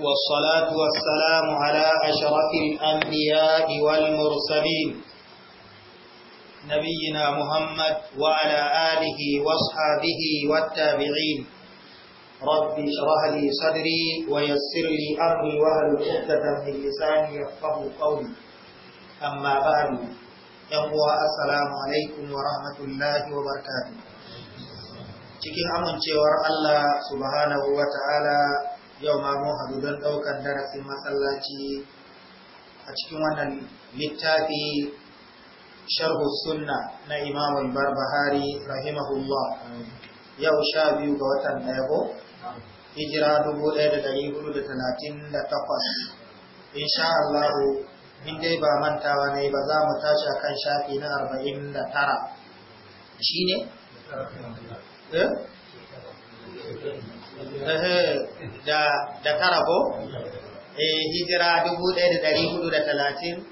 والصلاة والسلام على أشرف الأنبياء والمرسلين نبينا محمد وعلى آله واصحابه والتابعين رب اشرح لي صدري ويسر لي أمري وأهل عقدة من لساني يفقه قولي أما بعد يقوى السلام عليكم ورحمة الله وبركاته cikin amincewar Allah subhanahu wa ta'ala yau ma mun haɗu don ɗaukar darasin masallaci a cikin wannan littafi sharhu sunna na imam barbahari rahimahullah yau sha biyu ga watan ɗaya hijira dubu ɗaya da Allah hudu da Allahu in dai ba mantawa ne ba za mu tashi kan shafi na arba'in tara shi ne? Eh? Eh, da tarabo eh, hijira 1439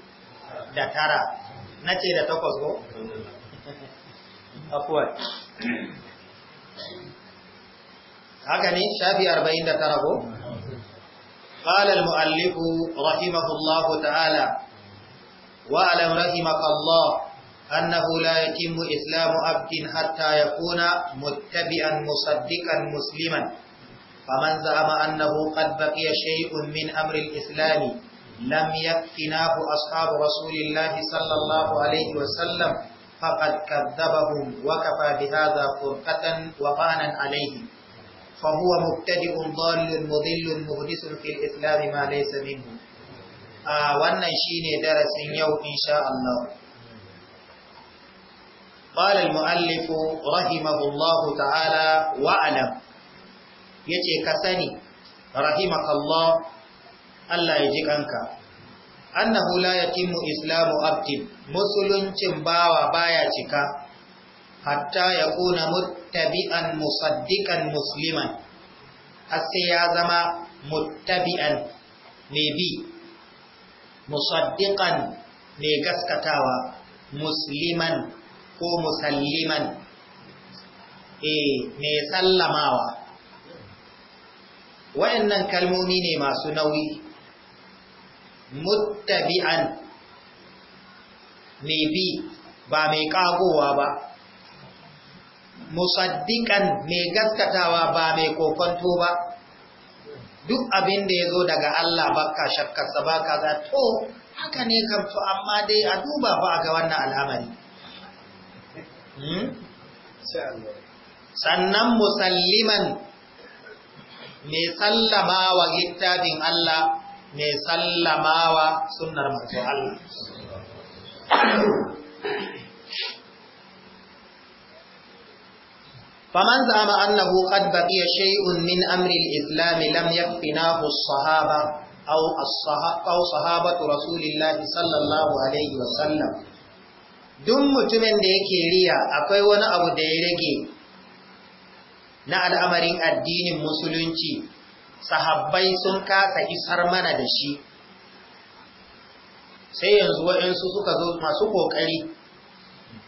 na ce da takwas ko? afuwar haka ne shafi قال المؤلف رحمه الله تعالى وعلم رحمك الله أنه لا يتم إسلام أبد حتى يكون متبئا مصدقا مسلما فمن زعم أنه قد بقي شيء من أمر الإسلام لم يكفناه أصحاب رسول الله صلى الله عليه وسلم فقد كذبهم وكفى بهذا فرقة وقانا عليه فهو مبتدئ ضال مضل مهدس في الإسلام ما ليس منه وانا شيني درس يوم إن شاء الله قال المؤلف رحمه الله تعالى واعلم ce ka sani rahimakallah Allah ya ji kanka annahu la yatimu islamu abdin musuluncin bawa baya cika hatta ya kuna muttabi'an musaddiqan musliman sai ya zama muttabi'an mai bi musaddiqan mai gaskatawa musliman ko musalliman E, mai sallamawa wayannan kalmomi ne masu nauyi muttabi'an mai bi ba mai kagowa ba musaddiqan mai gaskatawa ba mai kokonto ba duk abin da ya zo daga Allah baka shakkarsa baka za to haka ne kan amma dai a duba ba ga wannan al'amari hmm? sannan musalliman mai sallama wa littafin Allah mai sallama wa sunnar manzo Allah faman zama annahu qad baqiya shay'un min amri al-islam lam yakfinahu as-sahaba aw as-sahaba aw sahabatu rasulillah sallallahu alaihi wa sallam duk mutumin da yake riya akwai wani abu da ya rage na al'amarin addinin musulunci sahabbai sun kasa isar mana da shi sai yanzu waɗansu suka zo masu ƙoƙari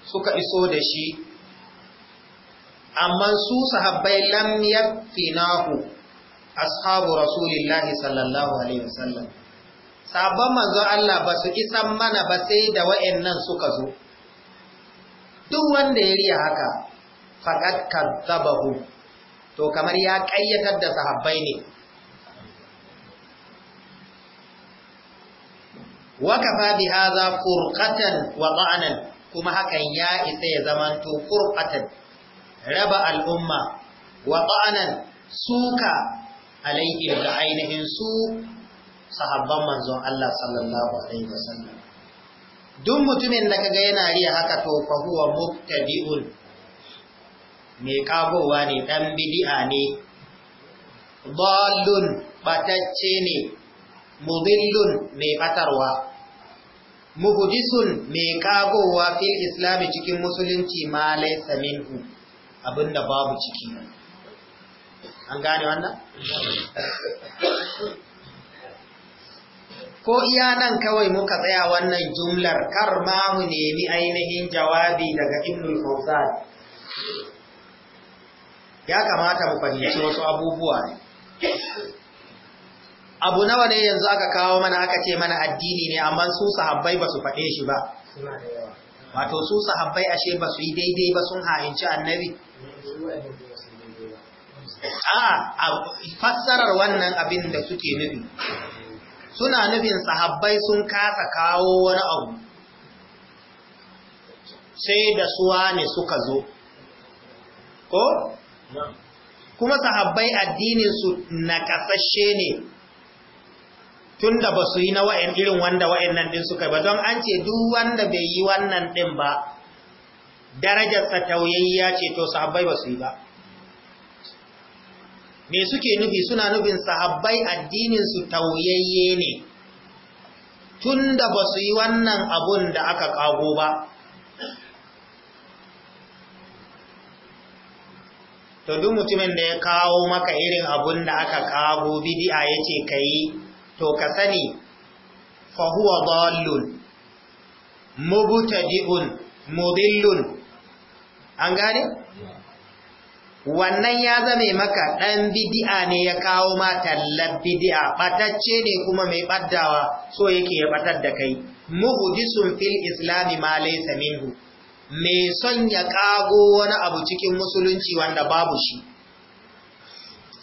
suka iso da shi amma su sahabbai lam yafinahu ashabu rasulillahi sallallahu alaihi wasallam sabon manzo Allah ba su isan mana ba sai da wayannan suka zo duk wanda ya riya haka faqad kadzabahu to kamar ya ƙayyatar da sahabbai ne wakafa bi haza furqatan wa ta'anan kuma hakan ya isa ya zamanto furqatan raba al'umma wa ta'anan suka alaihi da ainihin su sahabban manzon Allah sallallahu alaihi wasallam duk mutumin da kaga yana riya haka to fa huwa mai kagowa ne ɗan bidi'a ne dalun batacce ne mudillun mai batarwa muhdisun mai kagowa fil islami cikin musulunci ma laysa minhu abinda babu ciki an gane wannan ko iya nan kawai muka tsaya wannan jumlar kar ma mu nemi ainihin jawabi daga ibnul fawzan ya kamata mu fahimci wasu abubuwa ne abu nawa ne yanzu aka kawo mana aka ce mana addini ne amma su sahabbai ba su faɗe shi ba wato su sahabbai ashe ba su yi daidai ba sun ha'inci annabi a fassarar wannan abin da suke nufi suna nufin sahabbai sun kasa kawo wani abu sai da suwa ne suka zo ko kuma sahabbai addinin su nakasashe ne tunda ba su yi na wa'in irin wanda wa'annan din suka ba don an ce duk wanda bai yi wannan din ba darajarsa tauyayya ce to sahabbai ba su yi ba me suke nufi suna nufin sahabbai addinin su tauyayye ne tunda ba su yi wannan abun da aka kago ba to duk mutumin da ya kawo maka irin abun da aka kawo bidi'a yace kai to ka sani fa huwa dallun mubtadi'un mudillun an gane wannan ya zame maka ɗan bidi'a ne ya kawo ma tallar bidi'a ɓatacce ne kuma mai ɓaddawa so yake ya ɓatar da kai muhudisun fil islami ma laysa minhu mai son ya kago wani abu cikin musulunci wanda babu shi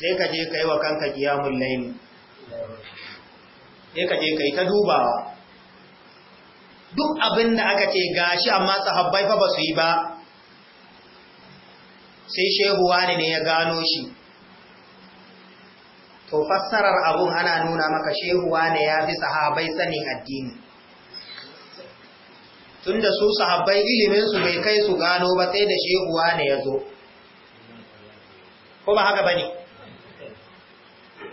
sai ka je ka yi wa kanka kiyamun laini sai ka je ka yi ta dubawa duk abin da aka ce gashi amma sahabbai fa ba su yi ba sai shehu wani ne ya gano shi to fassarar abun ana nuna maka shehu wani ya fi sahabai sanin addini tunda su sahabbai ilimin su bai kai su gano ba sai da shehuwa ne ya zo ko ba haka bane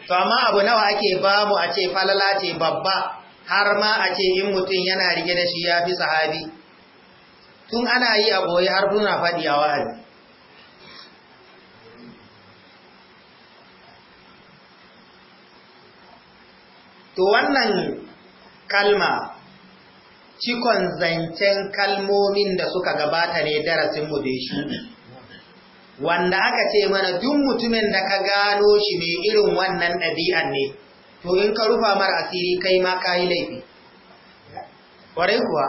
to amma abu nawa ake ba mu a ce falala ce babba har ma a ce in mutum yana rige da shi ya fi sahabi tun ana yi a goyi har tuna faɗi a wa'azi to wannan kalma cikon zancen kalmomin da suka gabata ne mu da shi wanda aka ce mana duk mutumin da ka gano shi mai irin wannan ɗabi'an ne to in ka rufa mara asiri kai ma ka yi laifi ƙwarai kuwa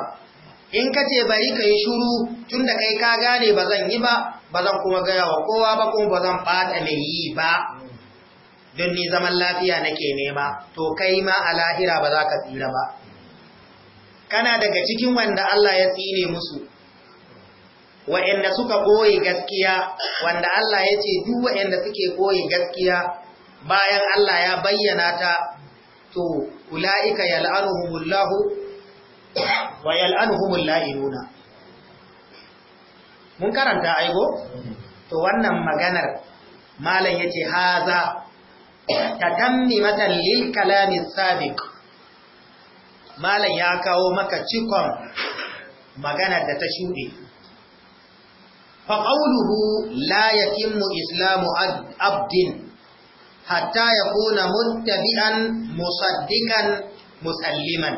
in ka ce bari ka yi shuru tun da kai ka gane ba zan yi ba ba zan kuma gaya wa kowa ba kuma ba zan ɓata mai yi ba don ni zaman lafiya nake nema to kai ma a lahira ba za ka tsira ba kana daga cikin wanda Allah ya tsine musu wa'anda suka koyi gaskiya wanda Allah ya ce duk wa'anda suke koyi gaskiya bayan Allah ya bayyana ta to ula'ika yal'anuhumullahu wa yal'anuhumul la'inuna mun karanta aigo to wannan maganar malam yace haza tatammi matan lil kalamis sabiq malam ya kawo maka cikon magana da ta shuɗe faauluhu la ya yatimmu islamu abdin hatta ya kuna muttabi'an Musaddikan musalliman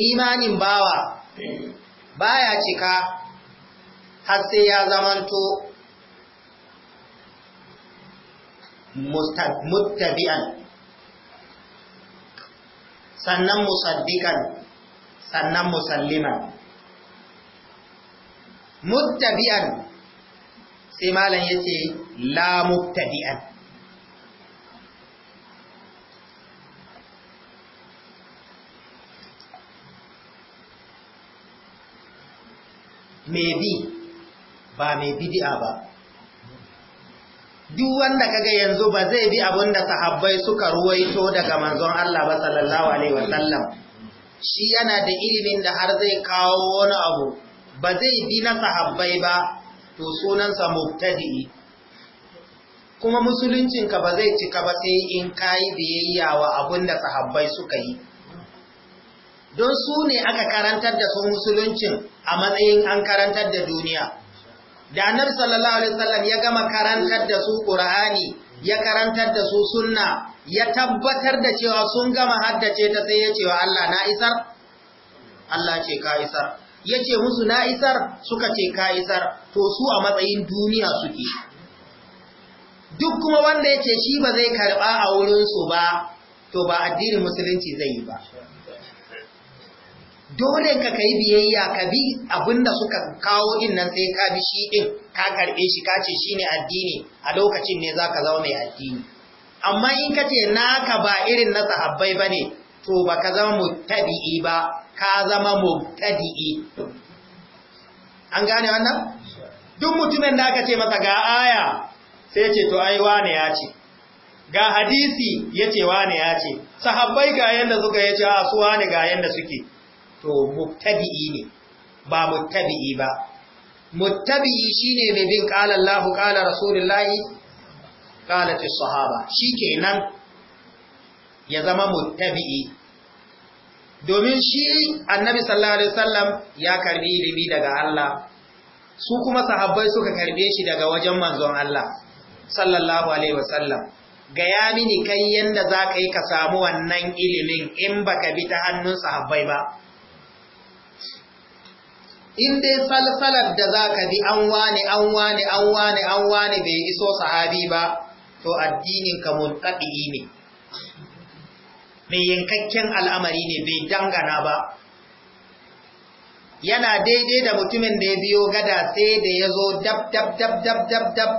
imanin bawa baya cika har sai ya zamanto muttabi'an sannan musaddiqan sannan musalliman muttabi'an sai malam yace la muttabi'an me bi ba mai bidi'a ba duk wanda kaga yanzu ba zai bi abin da sahabbai suka ruwaito daga manzon Allah ba sallallahu alaihi wasallam shi yana da ilimin da har zai kawo wani abu ba zai bi na sahabbai ba to sunansa mubtadi kuma musuluncin ka ba zai cika ba sai in kai biyayya wa abin da sahabbai suka yi don su ne aka karantar da su musuluncin a matsayin an karantar da duniya da annabi sallallahu alaihi wasallam ya gama karantar da su qur'ani ya karantar da su sunna ya tabbatar da cewa sun gama haddace ta sai ya ce wa Allah na isar Allah ce ka isar ya musu na isar suka ce ka isar to su a matsayin duniya suke duk kuma wanda yace shi ba zai karɓa a wurin su ba to ba addinin musulunci zai yi ba dole ka kai biyayya ka bi abinda suka kawo din nan sai ka bi shi din ka karbe shi ka ce shine addini a lokacin ne zaka zama mai addini amma in ka ce naka ba irin na sahabbai bane to baka zama muttabi'i ba ka zama mubtadi'i an gane wannan duk mutumin da aka ce masa ga aya sai ce to ai wane ya ce ga hadisi yace wane ya ce sahabbai ga yanda suka yace a su wane ga yanda suke to mubtadi'i ne ba mubtadi'i ba mubtadi'i shine mai bin qala Allahu qala rasulullahi qala as-sahaba shikenan ya zama mubtadi'i domin shi annabi sallallahu alaihi wasallam ya karbi ilimi daga Allah su kuma sahabbai suka karbe shi daga wajen manzon Allah sallallahu alaihi wasallam gaya mini kai yanda za ka yi ka samu wannan ilimin in baka bi ta hannun sahabbai ba in dai salsalar da za ka bi an wane an wane an wane an wane bai iso sahabi ba to addininka muntaɗi ne mai yankakken al'amari ne bai dangana ba yana daidai da mutumin da ya biyo gada sai da ya zo dab dab dab dab dab dab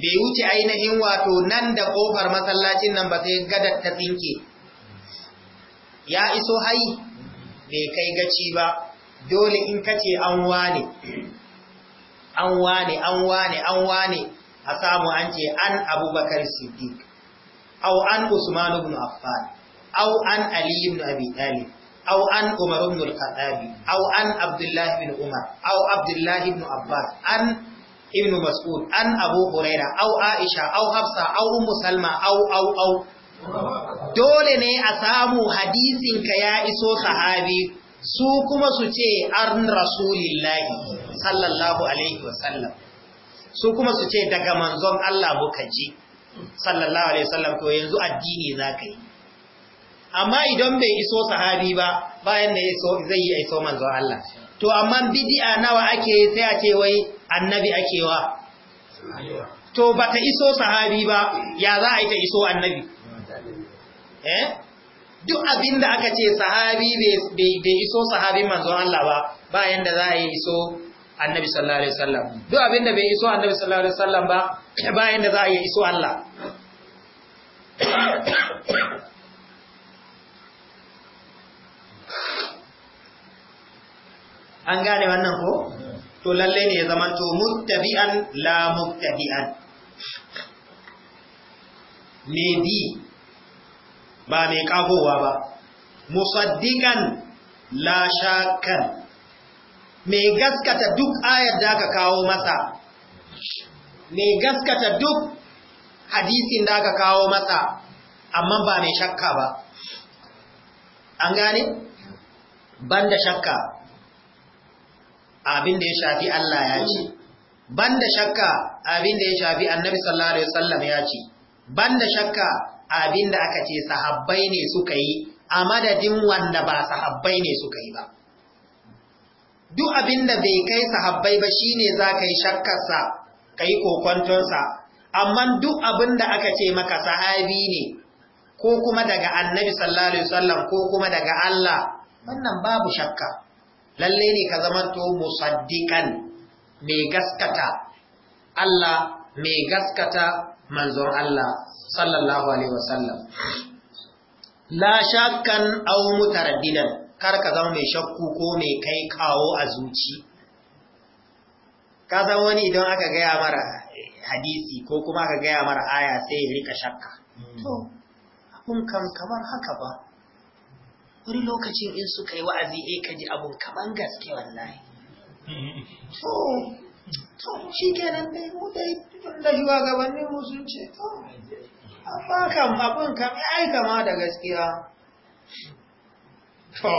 bai wuce ainihin wato nan da ƙofar masallacin nan ba sai gadar ta tsinke ya iso hai bai kai gaci ba dole in kace an wane an wane an wane an wane a samu an ce an abubakar siddiq au an usman ibn affan au an ali ibn abi talib aw an umar ibn al-khattab au an abdullah ibn umar au abdullah ibn abbas an ibn mas'ud an abu huraira au aisha au hafsa au ummu salma au, au. aw dole ne a samu hadisin ka ya iso sahabi su kuma su ce an rasulillahi sallallahu alaihi wasallam su kuma su ce daga manzon Allah muka ji sallallahu alaihi wasallam to yanzu addini za ka yi amma idan bai iso sahabi ba bayan da zai yi iso manzon Allah to amma bid'a nawa ake sai a ce wai annabi ake wa to bata iso sahabi ba ya za a yi ta iso annabi eh duk abin da aka ce sahabi bai iso sahabi manzon Allah ba ba yanda za a yi iso annabi sallallahu alaihi wasallam duk abin da bai iso annabi sallallahu alaihi wasallam ba ba yanda za a yi iso Allah an gane wannan ko to lalle ne ya zama to muttabi'an la muttabi'an ne bi ba mai kagowa ba musaddiqan la shakkan mai gaskata duk ayar da aka kawo masa mai gaskata duk hadisin da aka kawo masa amma ba mai shakka ba an gane banda shakka abin da ya shafi Allah ya ce banda shakka abin da ya shafi annabi sallallahu alaihi wasallam ya ce banda shakka Abinda aka ce sahabbai ne suka yi a madadin wanda ba sahabbai ne suka yi ba duk abinda bai kai sahabbai ba shine za ka yi shakkarsa ka yi kokontonsa amma duk abinda aka ce maka sahabi ne ko kuma daga annabi sallallahu alaihi ko kuma daga Allah wannan babu shakka lalle ne ka zamanto musaddiqan mai gaskata Allah mai gaskata manzon Allah sallallahu alaihi wasallam la shakkan aw mutaraddidan kar ka zama mai shakku ko mai kai kawo a zuci ka san wani idan aka gaya mara hadisi ko kuma aka gaya mara aya sai ya rika shakka to abun kam kamar haka ba wani lokacin in suka yi wa'azi eh kaji abun kaman gaske wallahi to to shi kenan dai mu dai da shugabannin mu sun ce to abakan kam abin kam kama da gaskiya to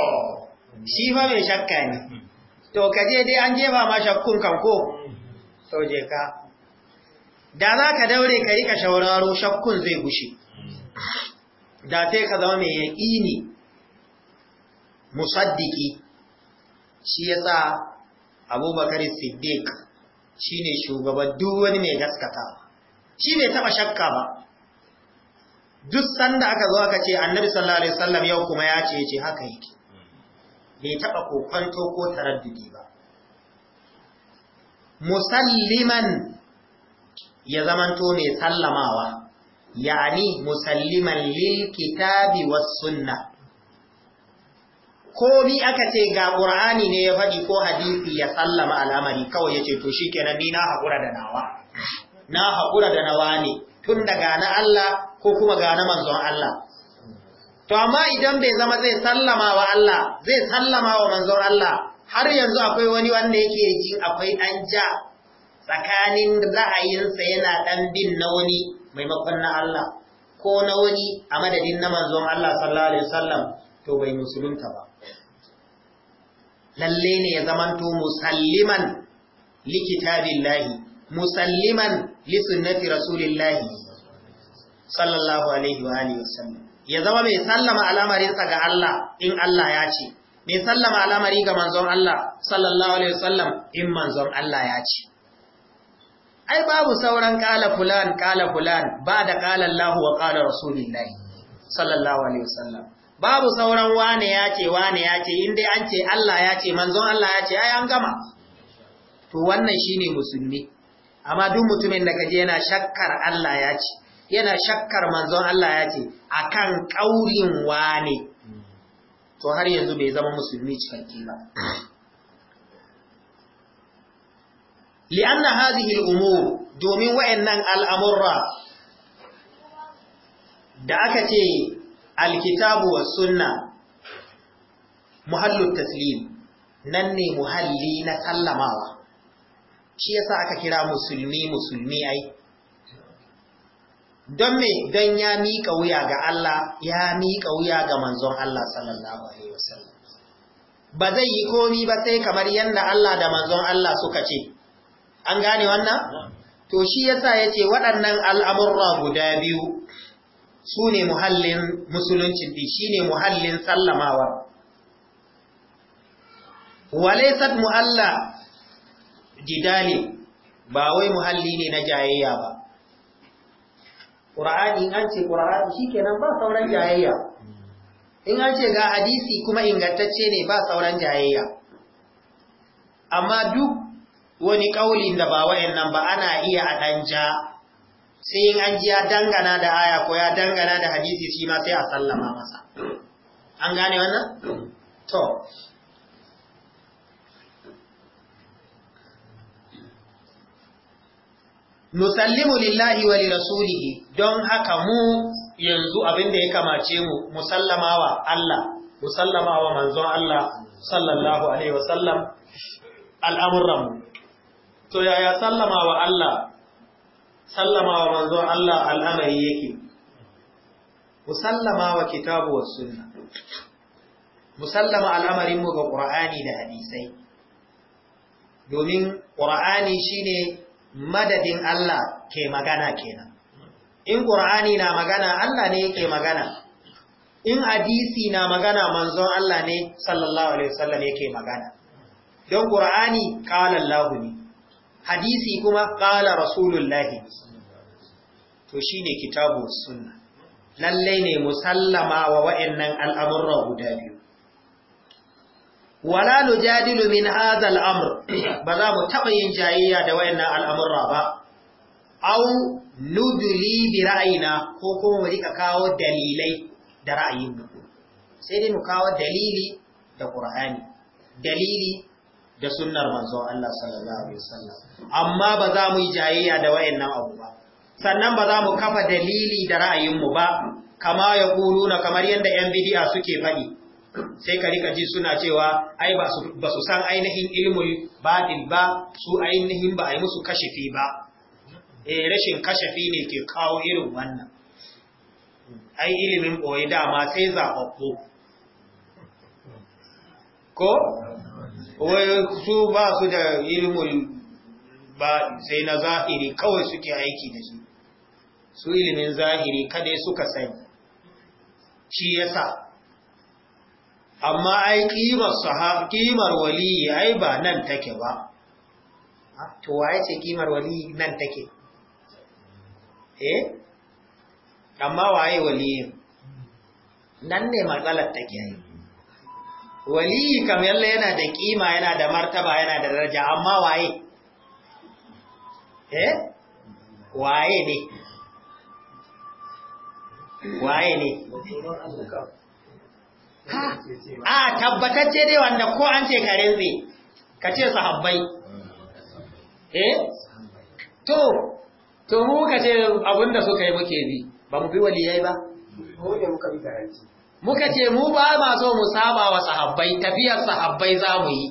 shi ba mai shakka ne to kaje dai an jefa ma shakkun kan ko to je ka da za ka daure ka rika shauraro shakkun zai gushe da sai ka zama mai yaƙini musaddiki shi ya sa abubakar siddiq shi ne shugaban duk wani mai gaskata shi bai taɓa shakka ba duk sanda aka zo aka ce annabi sallallahu alaihi wasallam yau kuma ya ce ce haka yake bai taba kokonto ko taraddudi ba musalliman ya zamanto ne sallamawa yani musalliman lil kitabi was sunna ko ni aka ce ga qur'ani ne ya faɗi ko hadisi ya sallama al'amari kawai yace to shikenan ni na hakura da nawa na hakura da nawa ne tun daga na Allah ko kuma ga na manzon Allah to amma idan bai zama zai sallama wa Allah zai sallama wa manzon Allah har yanzu akwai wani wanda yake ji akwai dan ja tsakanin ra'ayinsa yana ɗan bin na wani maimakon na Allah ko na wani a madadin na manzon Allah sallallahu alaihi wasallam to bai musulunta ba lalle ne ya zamanto musalliman likitabillahi musalliman lisunnati rasulillahi sallallahu alaihi wa alihi wasallam ya zama mai sallama al'amarinsa ga Allah in Allah ya ce mai sallama al'amari ga manzon Allah sallallahu alaihi wasallam in manzon Allah ya ce ai babu sauran kala fulan kala fulan ba da kala Allah wa kala rasulillahi sallallahu alaihi wasallam babu sauran wane ya ce wane ya ce in dai an ce Allah ya ce manzon Allah ya ce ai an gama to wannan shine musulmi amma duk mutumin da kaje yana shakkar Allah ya ce yana shakkar manzon Allah ya ce akan ƙaurin wane to har yanzu bai zama musulmi cikakki ba li'anna hadhihi umur domin wayannan al'amurra da aka ce alkitabu wa sunna muhallu taslim nan ne muhalli na sallamawa shi yasa aka kira musulmi musulmi ai don me don ya miƙa wuya ga Allah ya miƙa wuya ga manzon Allah sallallahu alaihi wasallam ba zai yi komi ba sai kamar yadda Allah da manzon Allah suka ce an gane wannan to shi yasa ce waɗannan al'amurra guda biyu sune muhallin musulunci shi shine muhallin sallamawa walaysat muhalla jidali ba wai muhalli ne na jayayya ba ƙura'ani an ce Qur'ani shi kenan ba sauran jayayya in an ce ga hadisi kuma ingantacce ne ba sauran jayayya amma duk wani ƙaulin da ba wayannan ba ana iya a danja sai in an ji ya dangana da aya ko ya dangana da hadisi shi ma sai a sallama masa an gane wannan? to nusallimu lillahi wa rasulihi don haka mu yanzu abin da ya kamace mu musallamawa Allah musallamawa manzon Allah sallallahu alaihi wasallam al'amuran mu to yaya sallamawa Allah sallamawa manzon Allah al'amari yake musallamawa kitabu was sunna musallama al'amarin mu ga qur'ani da hadisai domin qur'ani shine madadin Allah ke magana kenan in Qur'ani na magana Allah ne yake magana in hadisi na magana manzon Allah ne sallallahu alaihi wasallam yake magana don Qur'ani qala Allah ne hadisi kuma qala rasulullahi to shine kitabu sunna lalle ne musallama wa wa'annan al'amurra guda biyu wala nujadilu min hadha al-amr ba za mu taba yin jayayya da wayannan al'amurra ba au nudli bi ra'ayina ko kuma mu rika kawo dalilai da ra'ayin mu sai dai mu kawo dalili da qur'ani dalili da sunnar manzo Allah sallallahu alaihi wasallam amma ba za mu yi jayayya da wayannan abu ba sannan ba za mu kafa dalili da ra'ayin mu ba kama ya kuluna kamar yadda yan bid'a suke faɗi sai ka rika ji suna cewa ai ba su san ainihin ilmul batil ba su ainihin ba a yi musu kashefi ba eh rashin kashafi ne ke kawo irin wannan ai ilimin boye dama sai zaɓaɓɓo ko su ba su da ilmul ba sai na zahiri kawai suke aiki da shi su ilimin zahiri kada suka sani shi yasa amma ai ƙimar sahab ƙimar wali ai ba nan take ba to waye ce ƙimar wali nan take eh amma waye wali nan ne matsalar take yi Wali kam yalla yana da kima yana da martaba yana da daraja amma waye eh waye ne waye ne a tabbatacce dai wanda ko an ce kare zai ka ce sahabbai eh to to mu ka ce abinda suka yi muke bi ba mu bi waliyai ba mu muka bi garanti muka ce mu ba ma so mu saba wa sahabbai tafiyar sahabbai za mu yi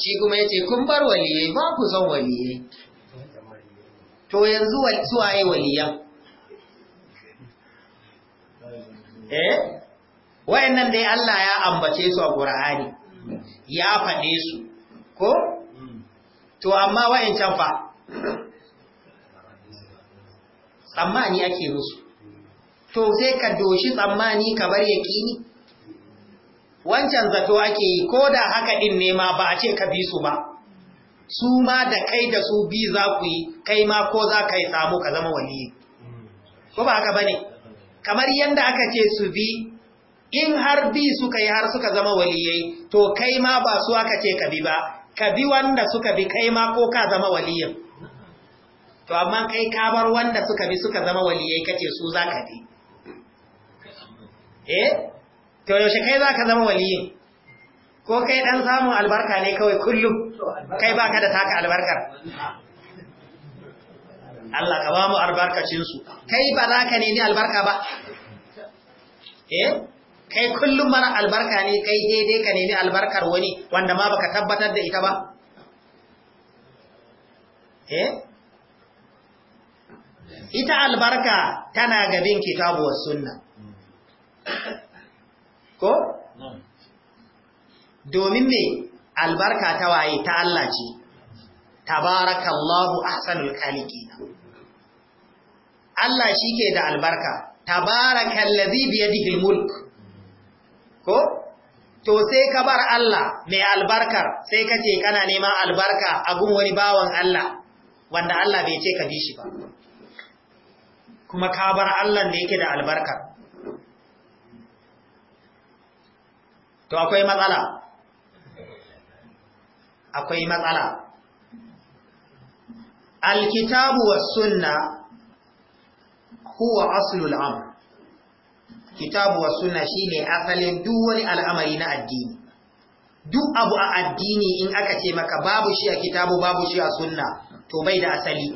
shi kuma ya ce kun bar waliyai ba ku son waliyai to yanzu suwaye waliyan eh wayannan dai Allah ya ambace su a ƙura'ani, ya faɗe su ko to amma can fa tsammani ake musu to sai ka doshi tsammani ka bar ni? wancan zato ake yi ko da haka ɗin nema ba a ce ka bi su ba su ma da kai da su bi za ku yi kai ma ko za ka yi samu ka zama waliyi ko ba haka ba ne? kamar yadda aka ce su bi in har bi suka yi har suka zama waliyai to kai ma ba su aka ce ka bi ba ka bi wanda suka bi kai ma ko ka zama waliyin to amma kai ka bar wanda suka bi suka zama waliyai kace su za ka bi eh to yaushe kai za ka zama waliyin ko kai dan samun albarka ne kawai kullum kai baka da taka albarkar Allah ka ba mu albarkacin su kai ba za ka nemi albarka ba eh kai kullum mara albarka ne kai dai ka nemi albarkar wani wanda ma baka tabbatar da ita ba eh ita albarka tana gabin kitabu was sunna ko domin me albarka ta waye ta Allah ce tabarakallahu ahsanul khaliqin Allah shike da albarka tabarakallazi biyadihi almulk ko to sai ka bar Allah mai albarkar sai ka ce kana neman albarka a gun wani bawan Allah wanda Allah bai ce ka bi shi ba kuma ka bar Allah da yake da albarkar to akwai matsala akwai matsala alkitabu was sunna huwa aslul amr kitabu wa sunna shine asalin duk wani al'amari na addini duk abu a addini in aka ce maka babu shi a kitabu babu shi a sunna to bai da asali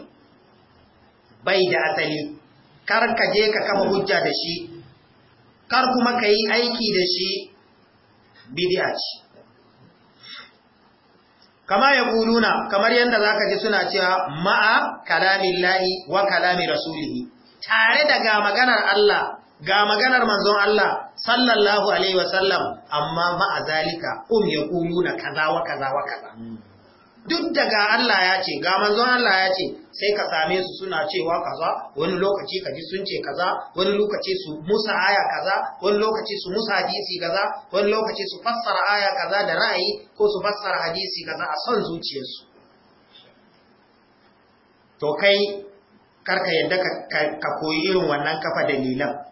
bai da asali kar ka je ka kama hujja da shi kar kuma ka yi aiki da shi bid'a ce kama ya kuluna kamar yadda za ka ji suna cewa ma'a kalamin lahi wa kalamin rasulihi tare daga maganar Allah ga maganar manzon Allah sallallahu alaihi wasallam amma ma'a zalika um na kaza wa kaza wa kaza duk daga Allah ya ce ga manzon Allah ya ce sai ka same su suna cewa kaza wani lokaci kaji sun ce kaza wani lokaci su musa aya kaza wani lokaci su musa hadisi kaza wani lokaci su fassara aya kaza da ra'ayi ko su fassara hadisi kaza a son zuciyarsu to kai karka yadda ka koyi irin wannan kafa dalilan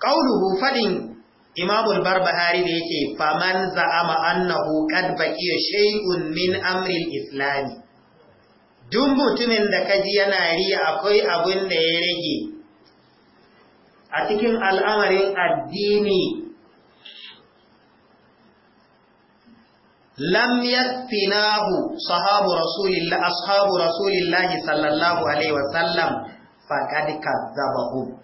qauluhu faɗin Imam barbahari da yake faman za'ama annahu qad baqiya shay'un min amri al-islam duk mutumin da kaji yana riya akwai abin da ya rage a cikin al'amarin addini lam yaktinahu sahabu rasulillah ashabu rasulillah sallallahu alaihi wasallam faqad kazzabahu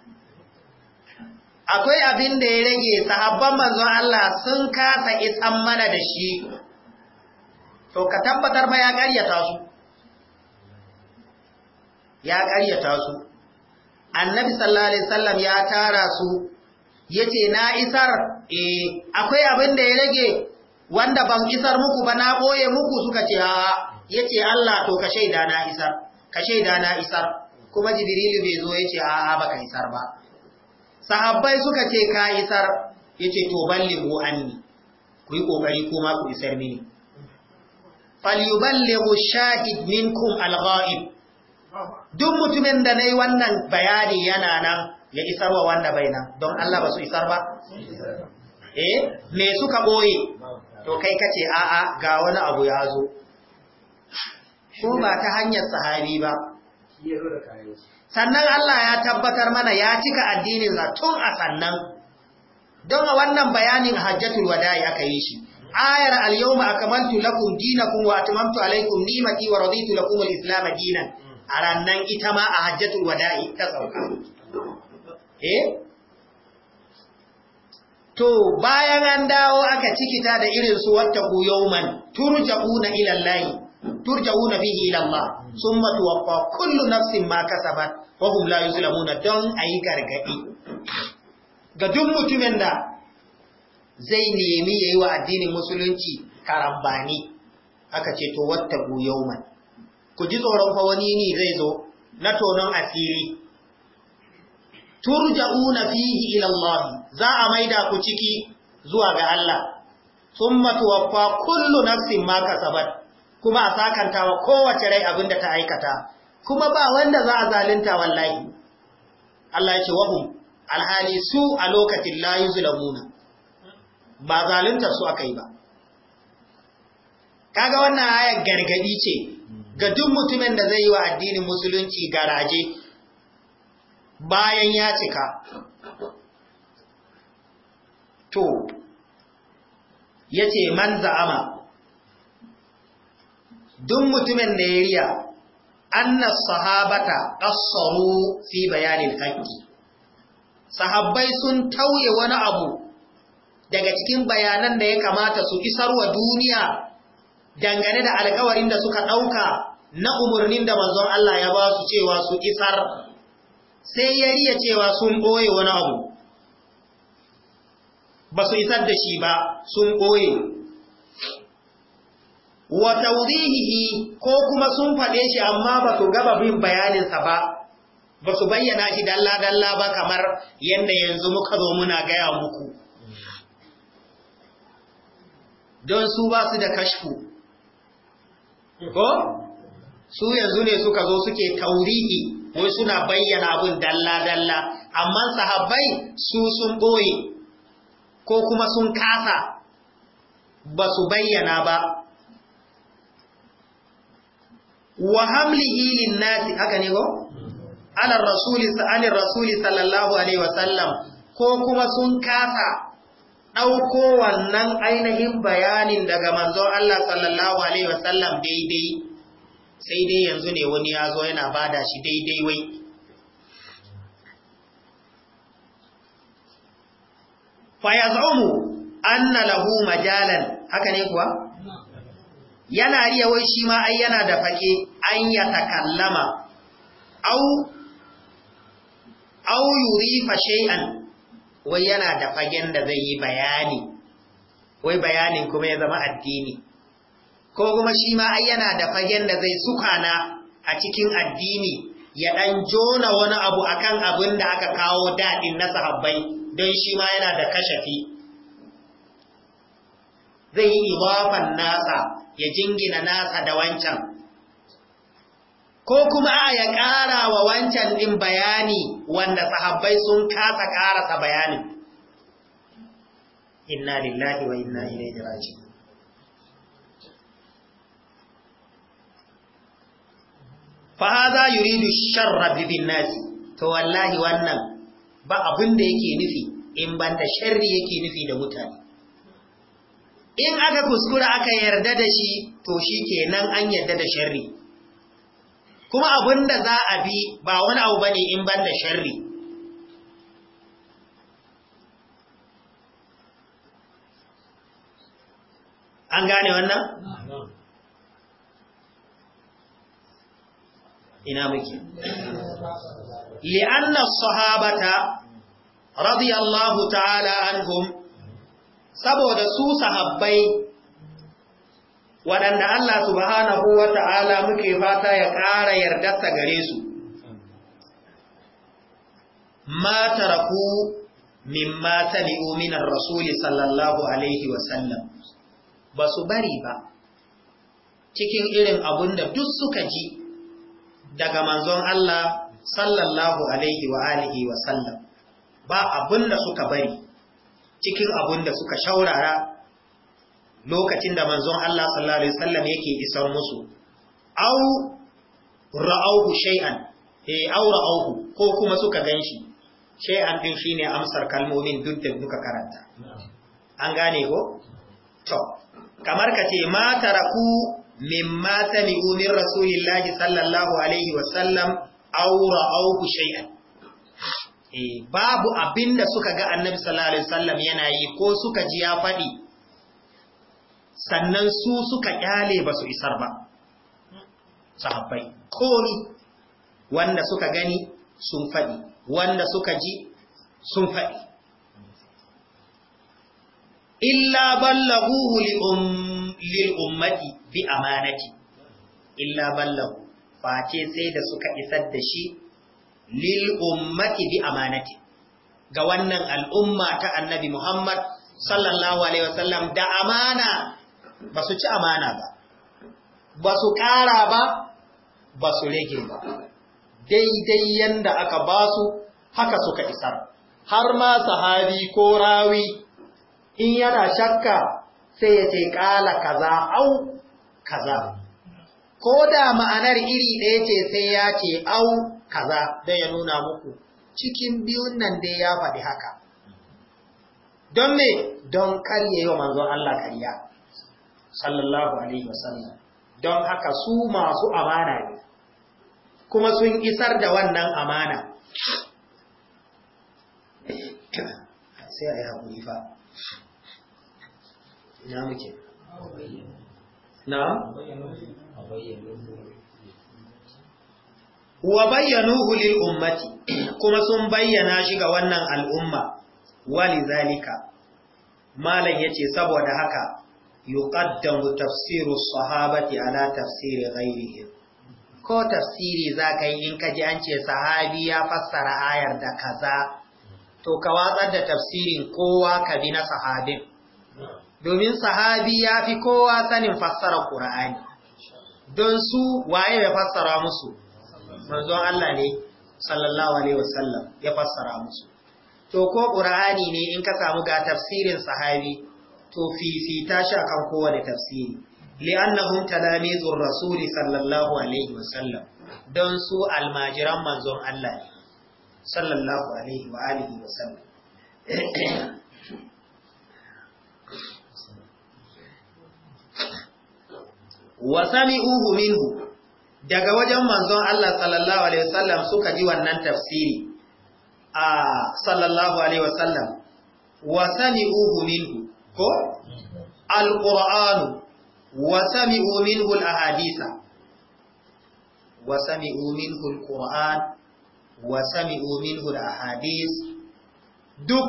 akwai abin da ya rage sahabban manzon Allah sun kasa isan mana da shi to ka tabbatar ba ya ƙaryata su ya ƙaryata su annabi sallallahu alaihi wasallam ya tara su yace na isar eh akwai abin da ya rage wanda ban isar muku ba na boye muku suka ce a yace Allah to ka shaida na isar ka shaida na isar kuma jibrilu bai zo yace a ba ka isar ba sahabbai suka ce ka isar yace to ballighu anni ku yi kokari kuma ku isar mini falyuballighu shahid minkum alghaib duk mutumin da nayi wannan bayani yana nan ya isar wa wanda bai nan don Allah ba su isar ba eh me suka boye to kai kace a'a ga wani abu ya zo ko ba ta hanyar sahabi ba sannan Allah ya tabbatar mana ya cika addinin tun a sannan don a wannan bayanin hajjatul wada'i aka yi shi ayar al-yawma akmaltu lakum dinakum wa atmamtu alaykum ni'mati wa raditu lakum al-islam dinan a rannan ita ma a hajjatul wada'i ta sauka eh? to bayan an dawo aka cikita da irin su wata yawman turja'una ila Allah turja'una bihi ila Allah summa tuwaffa kullu nafsin ma kasabat wa hum la yuzlamuna don ayi gargadi ga duk mutumin da zai nemi yayi wa addinin musulunci karambani aka ce to wattabu yawman ku ji tsoron fa wani ne zai zo na tonon asiri turja'una fihi ila Allah za a maida ku ciki zuwa ga Allah summa tuwaffa kullu nafsin ma kasabat kuma a sakanta wa kowace rai abin da ta aikata kuma ba wanda za a zalunta wallahi Allah ya ce alhali su a lokacin la yuzlamuna ba zalunta su a kai ba kaga wannan ayar gargadi ce ga duk mutumin da zai yi wa addinin musulunci garaje bayan ya cika to yace man za'ama duk mutumin da ya riya annas sahabata qassaru fi bayanil haqqi sahabbai sun tauye wani abu daga cikin bayanan da ya kamata su isarwa duniya dangane da alkawarin da suka dauka na umurnin da manzon Allah ya ba su cewa su isar sai ya riya cewa sun boye wani abu ba su isar da shi ba sun boye wa tawdihihi ko kuma sun faɗe shi amma ba su gaba bin bayaninsa ba ba su bayyana shi dalla-dalla ba kamar yadda yanzu muka zo muna gaya muku don su ba su da kashfu ko su yanzu ne suka zo suke taurihi ko suna bayyana abin dalla-dalla amma sahabbai su sun ɓoye ko kuma sun kasa ba su bayyana ba wa hamlihi linnasi haka ne go ala rasuli sa'alir rasuli sallallahu alaihi wasallam ko kuma sun kasa ɗauko wannan ainihin bayanin daga manzon Allah sallallahu alaihi wasallam daidai sai dai yanzu ne wani ya zo yana bada shi daidai wai fa yazumu anna lahu majalan haka ne kuwa yana riya wai shi ma ai yana da fake an ya takallama au au yurifa shay'an wai yana da fagen da zai yi bayani wai bayanin kuma ya zama addini ko kuma shi ma ai yana da fagen da zai sukana a cikin addini ya dan jona wani abu akan abin da aka kawo dadin na sahabbai don shi ma yana da kashafi zai yi idafan nasa ya jingina nasa da wancan ko kuma a ya ƙara wa wancan ɗin bayani wanda sahabbai sun kasa ƙarasa bayanin inna lillahi wa inna ilaihi raji. fa hadha yuridu sharra bibin nasi to wallahi wannan ba abin da yake nufi in banda sharri yake nufi da mutane in aka kuskura aka yarda da shi to shi kenan an yarda da sharri kuma abin da za a bi ba wani abu bane in ban da sharri an gane wannan? ina muke li'anna sahabata radiyallahu ta'ala anhum saboda su sahabbai waɗanda Allah subhanahu wa ta'ala muke fata ya ƙara yardarsa gare su mata raku mimma mata minar rasuli sallallahu alaihi wasallam ba su bari ba cikin irin abunda duk suka ji daga manzon Allah sallallahu alaihi wa alihi wasallam ba abunda suka bari cikin abun da suka shaurara lokacin da manzon Allah sallallahu alaihi wasallam yake isar musu au ra'auhu shay'an eh au ra'auhu ko kuma suka ganshi shay'an din shine amsar kalmomin duk da duka karanta an gane ko to kamar kace ma taraku mimma sami'u min rasulillahi sallallahu alaihi wasallam au ra'auhu shay'an e, babu abin da suka ga annabi sallallahu alaihi wasallam yana yi ko suka ji ya faɗi sannan su suka kyale ba su isar ba sahabbai komi wanda suka gani sun faɗi wanda suka ji sun faɗi illa ballahu um, lil ummati bi amanati illa ballahu ce sai da suka isar da shi lil ummati bi amanati ga wannan al'umma ta annabi Muhammad sallallahu alaihi wasallam da amana ba su ci amana ba ba su ƙara ba ba su rage ba daidai yanda aka basu haka suka isar har ma sahabi ko rawi in yana shakka sai ya ce ƙala kaza au kaza ko da ma'anar iri ɗaya ce sai ya ce au kaza don ya nuna muku cikin biyun nan dai ya faɗi haka don me don karye wa manzon Allah ƙarya sallallahu alaihi wasallam don haka su masu amana ne kuma sun isar da wannan amana sai a yi haƙuri fa ina muke na? wa bayyanuhu lil ummati kuma sun bayyana shi ga wannan al'umma walizalika malam yace saboda haka yuqaddamu tafsiru sahabati ala tafsiri ghayrihim ko tafsiri zaka yi in kaji an ce sahabi ya fassara ayar da kaza to ka watsar da tafsirin kowa ka bi na sahabin domin sahabi ya fi kowa sanin fassara Qur'ani don su waye ya fassara musu manzon Allah ne sallallahu alaihi wasallam ya fassara musu to ko qur'ani ne in ka samu ga tafsirin sahabi to fifita sha akan kowane tafsiri li'annahum talamizur rasuli sallallahu alaihi wasallam don su almajiran manzon Allah ne sallallahu alaihi wa alihi wasallam wa sami'uhu minhu daga wajen manzon Allah sallallahu alaihi wasallam suka ji wannan tafsiri a sallallahu alaihi wasallam wa sami'uhu minhu ko alqur'anu wa sami'u minhu alahadisa wa sami'u minhu alqur'an wa sami'u a alahadis duk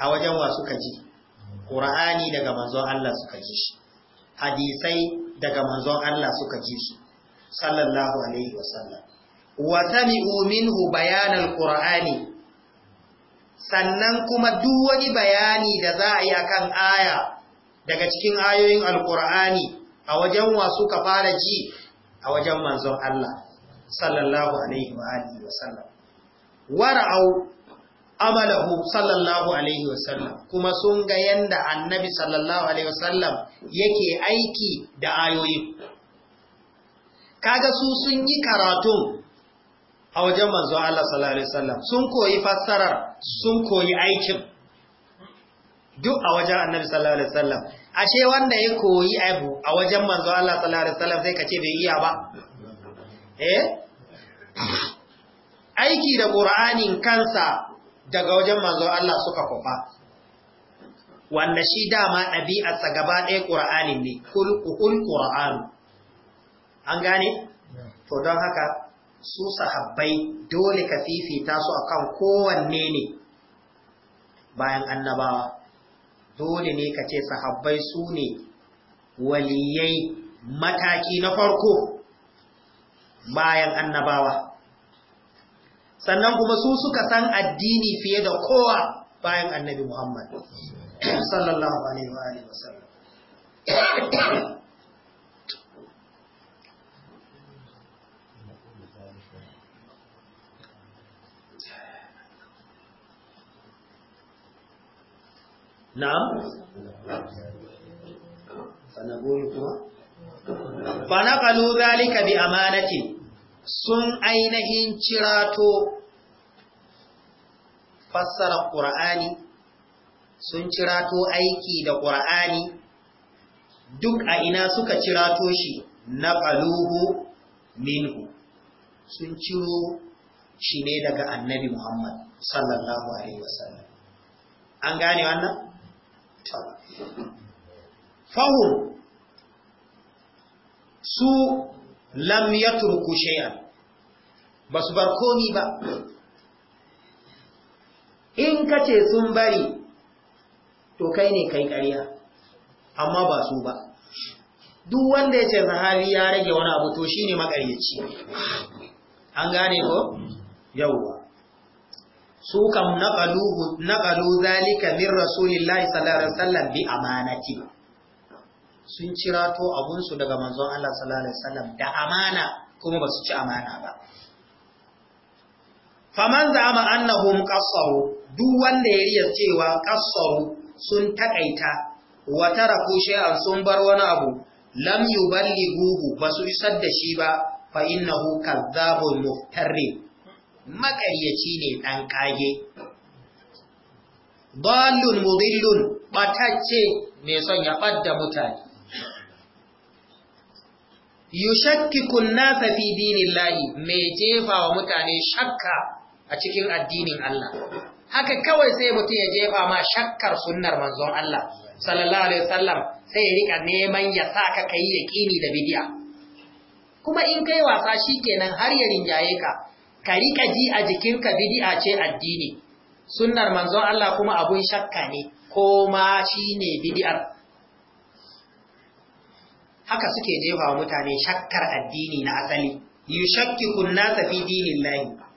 a wajen wa suka ji qur'ani daga manzon Allah suka ji shi hadisai daga manzon Allah suka ji shi sallallahu alaihi wasallam wa sami'u minhu bayan alqur'ani sannan kuma duk wani bayani da za a yi akan aya daga cikin ayoyin alqur'ani a wajen wa suka fara ji a wajen manzon Allah sallallahu alaihi wa alihi wasallam wara'au amalahu sallallahu alaihi wasallam kuma sun ga yanda annabi sallallahu alaihi wasallam yake aiki da ayoyi kaga su sun yi karatu a wajen manzo Allah sallallahu alaihi wasallam sun koyi fassarar sun koyi aikin duk a wajen annabi sallallahu alaihi wasallam ashe wanda ya koyi abu a wajen manzo Allah sallallahu alaihi wasallam sai kace bai iya ba eh aiki da qur'anin kansa daga wajen manzo Allah suka kofa wanda shi dama ɗabi'arsa gaba ɗaya ƙura'anin ne, ƙulƙul ƙura'anu. An gane? To don haka su sahabbai dole ka fifita su a kan kowanne ne bayan annabawa. Dole ne ka ce sahabbai su ne waliyai mataki na farko bayan annabawa. Sannan kuma su suka san addini fiye da kowa bayan annabi Muhammad. sallallahu alaihi wa alihi wasallam na'am sanagori kuma fanaqalu zalika bi amanati sun ainihin cirato fassara qur'ani sun cirato aiki da ƙur'ani duk a ina suka cirato shi na ƙaluhu minhu sun ciro shi ne daga annabi Muhammad sallallahu Alaihi wasallam. An gane wannan? Fahun su lam ya turku shay'an ba su bar komi ba. In kace sun bari to kai ne kai ƙarya amma ba su ba duk wanda ya ce sahabi ya rage wani abu to shine makaryaci an gane ko yawwa su kam na naqalu zalika min rasulillahi sallallahu alaihi wasallam bi amanati sun cira abun su daga manzon Allah sallallahu alaihi wasallam da amana kuma ba su ci amana ba faman za'ama annahum qassaru duk wanda ya riya cewa qassaru sun takaita wa taraku shay'an sun bar wani abu lam ba su isar da shi ba fa innahu kadzabun muftari makaryaci ne dan kage dallun mudillun batacce mai son ya fadda mutane yushakkikun nasa fi dinillahi mai jefa wa mutane shakka a cikin addinin Allah haka kawai sai mutum ya jefa ma shakkar sunnar manzon Allah sallallahu alaihi wasallam sai ya rika neman ya sa ka kai yaqini da bid'a kuma in kai wasa shikenan har ya rinjaye ka ka rika ji a ka bid'a ce addini sunnar manzon Allah kuma abun shakka ne ko ma shine bid'ar haka suke jefa wa mutane shakkar addini na asali yushakkiku an-nasa fi dinillahi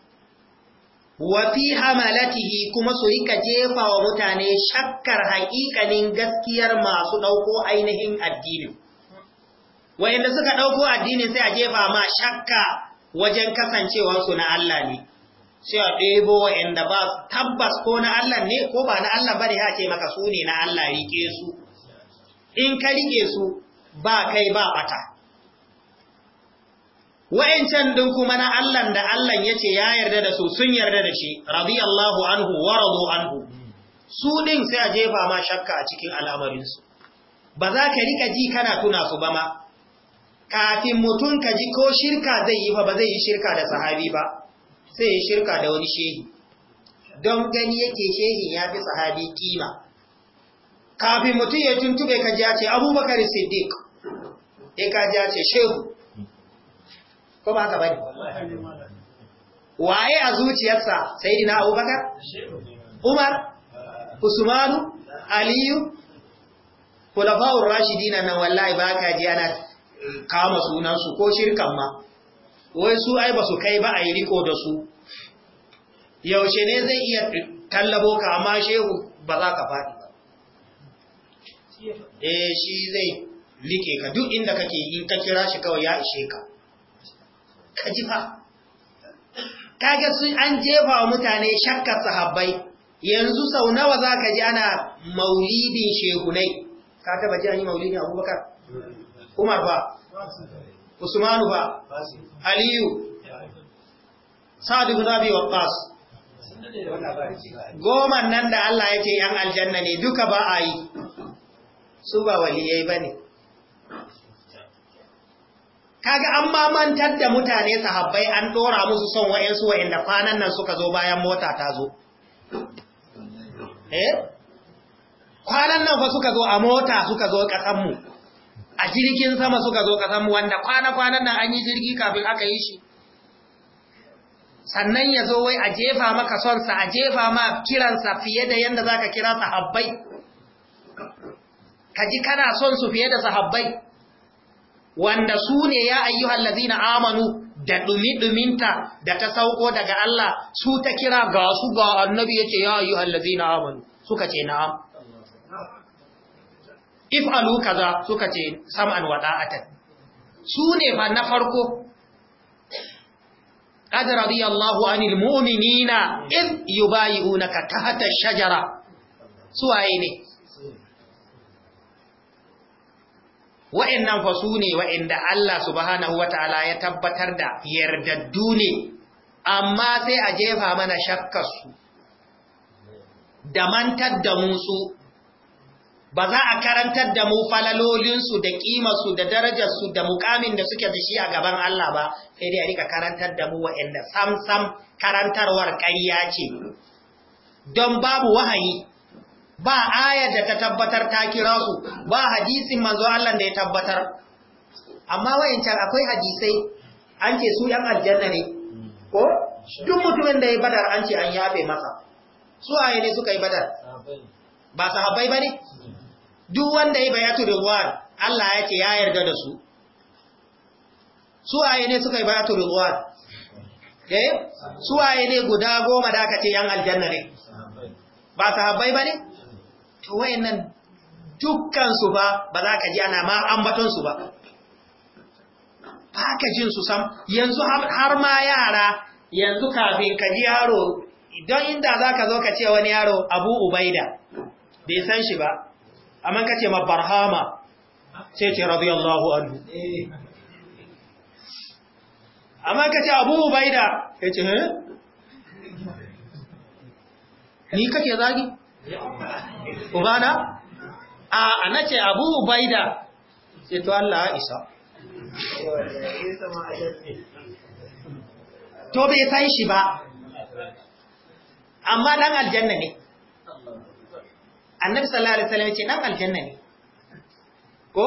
wafi hamalatihi kuma su rika jefa wa mutane shakkar haƙiƙanin gaskiyar masu ɗauko ainihin addinin. Wa'inda suka ɗauko addinin sai a jefa ma shakka wajen kasancewarsu na Allah ne, sai a ɗebo wa'inda ba tabbas ko na Allah ne ko ba na Allah ba ne ha ce maka su na Allah rike su, in ka rike su ba kai ba ɓata. Wa'incan din kuma na Allah da Allah yace ya yarda da su sun yarda da shi allahu anhu wa radu anhu su din sai a jefa ma shakka a cikin al'amarin su ba za ka riƙa ji kana tuna su ba ma kafin mutum ka ji ko shirka zai yi fa ba zai yi shirka da sahabi ba sai ya shirka da wani shehi don gani yake shehin ya fi sahabi kima kafin mutum ya tuntube ka ji ya ce abubakar siddiq ya ka ji ya ce shehu ko ba haka bane waye a zuciyarsa sayyidina abubakar umar usmanu aliyu kulafa'ur rashidina nan wallahi baka ji ana kama sunan su ko shirkan ma wai su ai ba su kai ba a yi riko da su yaushe ne zai iya tallabo ka amma shehu ba za ka faɗi ba eh shi zai like ka duk inda kake in ka kira shi kawai ya ishe ka ka ji kage sun an jefa wa mutane shakkar sahabbai yanzu sau nawa za ka ji ana maulidin shekunai ka taba ji an yi maulidin abubakar umar ba usmanu ba aliyu sa'adu bin wa Fas. Goma nan da Allah ya ce yan aljanna ne duka ba a yi su ba waliyai ne. kaga an mamantar da mutane sahabbai an dora musu son wa'ansu wa'anda kwanan nan suka zo bayan mota ta zo eh kwanan nan fa suka zo a mota suka zo kasan mu a jirgin sama suka zo kasan mu wanda kwana kwanan nan an yi jirgi kafin aka yi shi sannan ya zo wai a jefa maka sonsa a jefa ma kiransa fiye da yanda zaka kira sahabbai ka ji kana son su fiye da sahabbai wanda su ne ya ayyuhal lazina amanu da dumi-duminta da ta sauko daga Allah su ta kira ga su ga annabi ya ce ya ayyuhal lazina amanu suka ce na'am if'alu kaza suka ce sam'an wada'atan su ne fa na farko قد رضي الله عن المؤمنين إذ يبايعونك تحت الشجرة سوائي ne Wa'in fa su ne da Allah subhanahu wataala ya tabbatar da yardaddu ne amma sai a jefa mana shakkarsu, su da mantar da mu ba za a karantar da mu falalolinsu da ƙimarsu da darajarsu da mukamin da suke da shi a gaban Allah ba sai dai a rika karantar da mu wa'anda sam-sam karantarwar ƙarya ce don babu wahayi ba ayar da ta tabbatar ta kira su ba hadisin manzo Allah da ya tabbatar amma wayancan akwai hadisai an ce su yan aljanna ne ko duk mutumin da ya badar an ce an yafe masa su aye ne suka yi badar ba sahabbai bane duk wanda ya bayatu rizwan Allah ya ce ya yarda da su su aye ne suka yi bayatu rizwan eh su aye ne guda goma da aka ce yan aljanna ne ba sahabbai bane to wayannan dukkan su ba ba za ka ji ana ma ambaton su ba ba ka jin su sam yanzu har ma yara yanzu kafin ka ji yaro don inda za ka zo ka ce wani yaro abu ubaida bai san shi ba amma ka ce ma barhama sai ce radiyallahu anhu amma ka ce abu ubaida ya ce eh? ni kake zagi ubana a na ce abu ubaida sai to Allah isa to bai san shi ba amma ɗan aljanna ne annabi sallallahu alaihi wasallam ce ɗan aljanna ne ko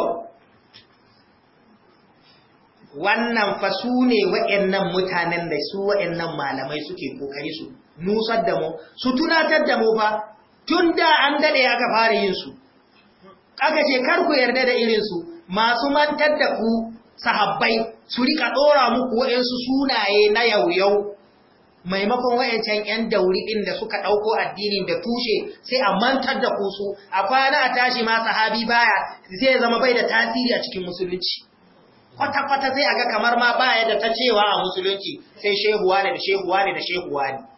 wannan fa su ne nan mutanen da su nan malamai suke kokari su nusar da mu su tunatar da mu fa tun da an daɗe aka fara yin su aka ce kar ku yarda da irin su masu mantar da ku sahabbai su rika ɗora muku waɗansu sunaye na yau-yau maimakon wayancan 'yan dauri da suka ɗauko addinin da tushe sai a mantar da kusu a kwana a tashi ma sahabi baya zai zama bai da tasiri a cikin musulunci kwata-kwata sai a ga kamar ma baya da ta cewa a musulunci sai shehuwa ne da shehuwa ne da shehuwa ne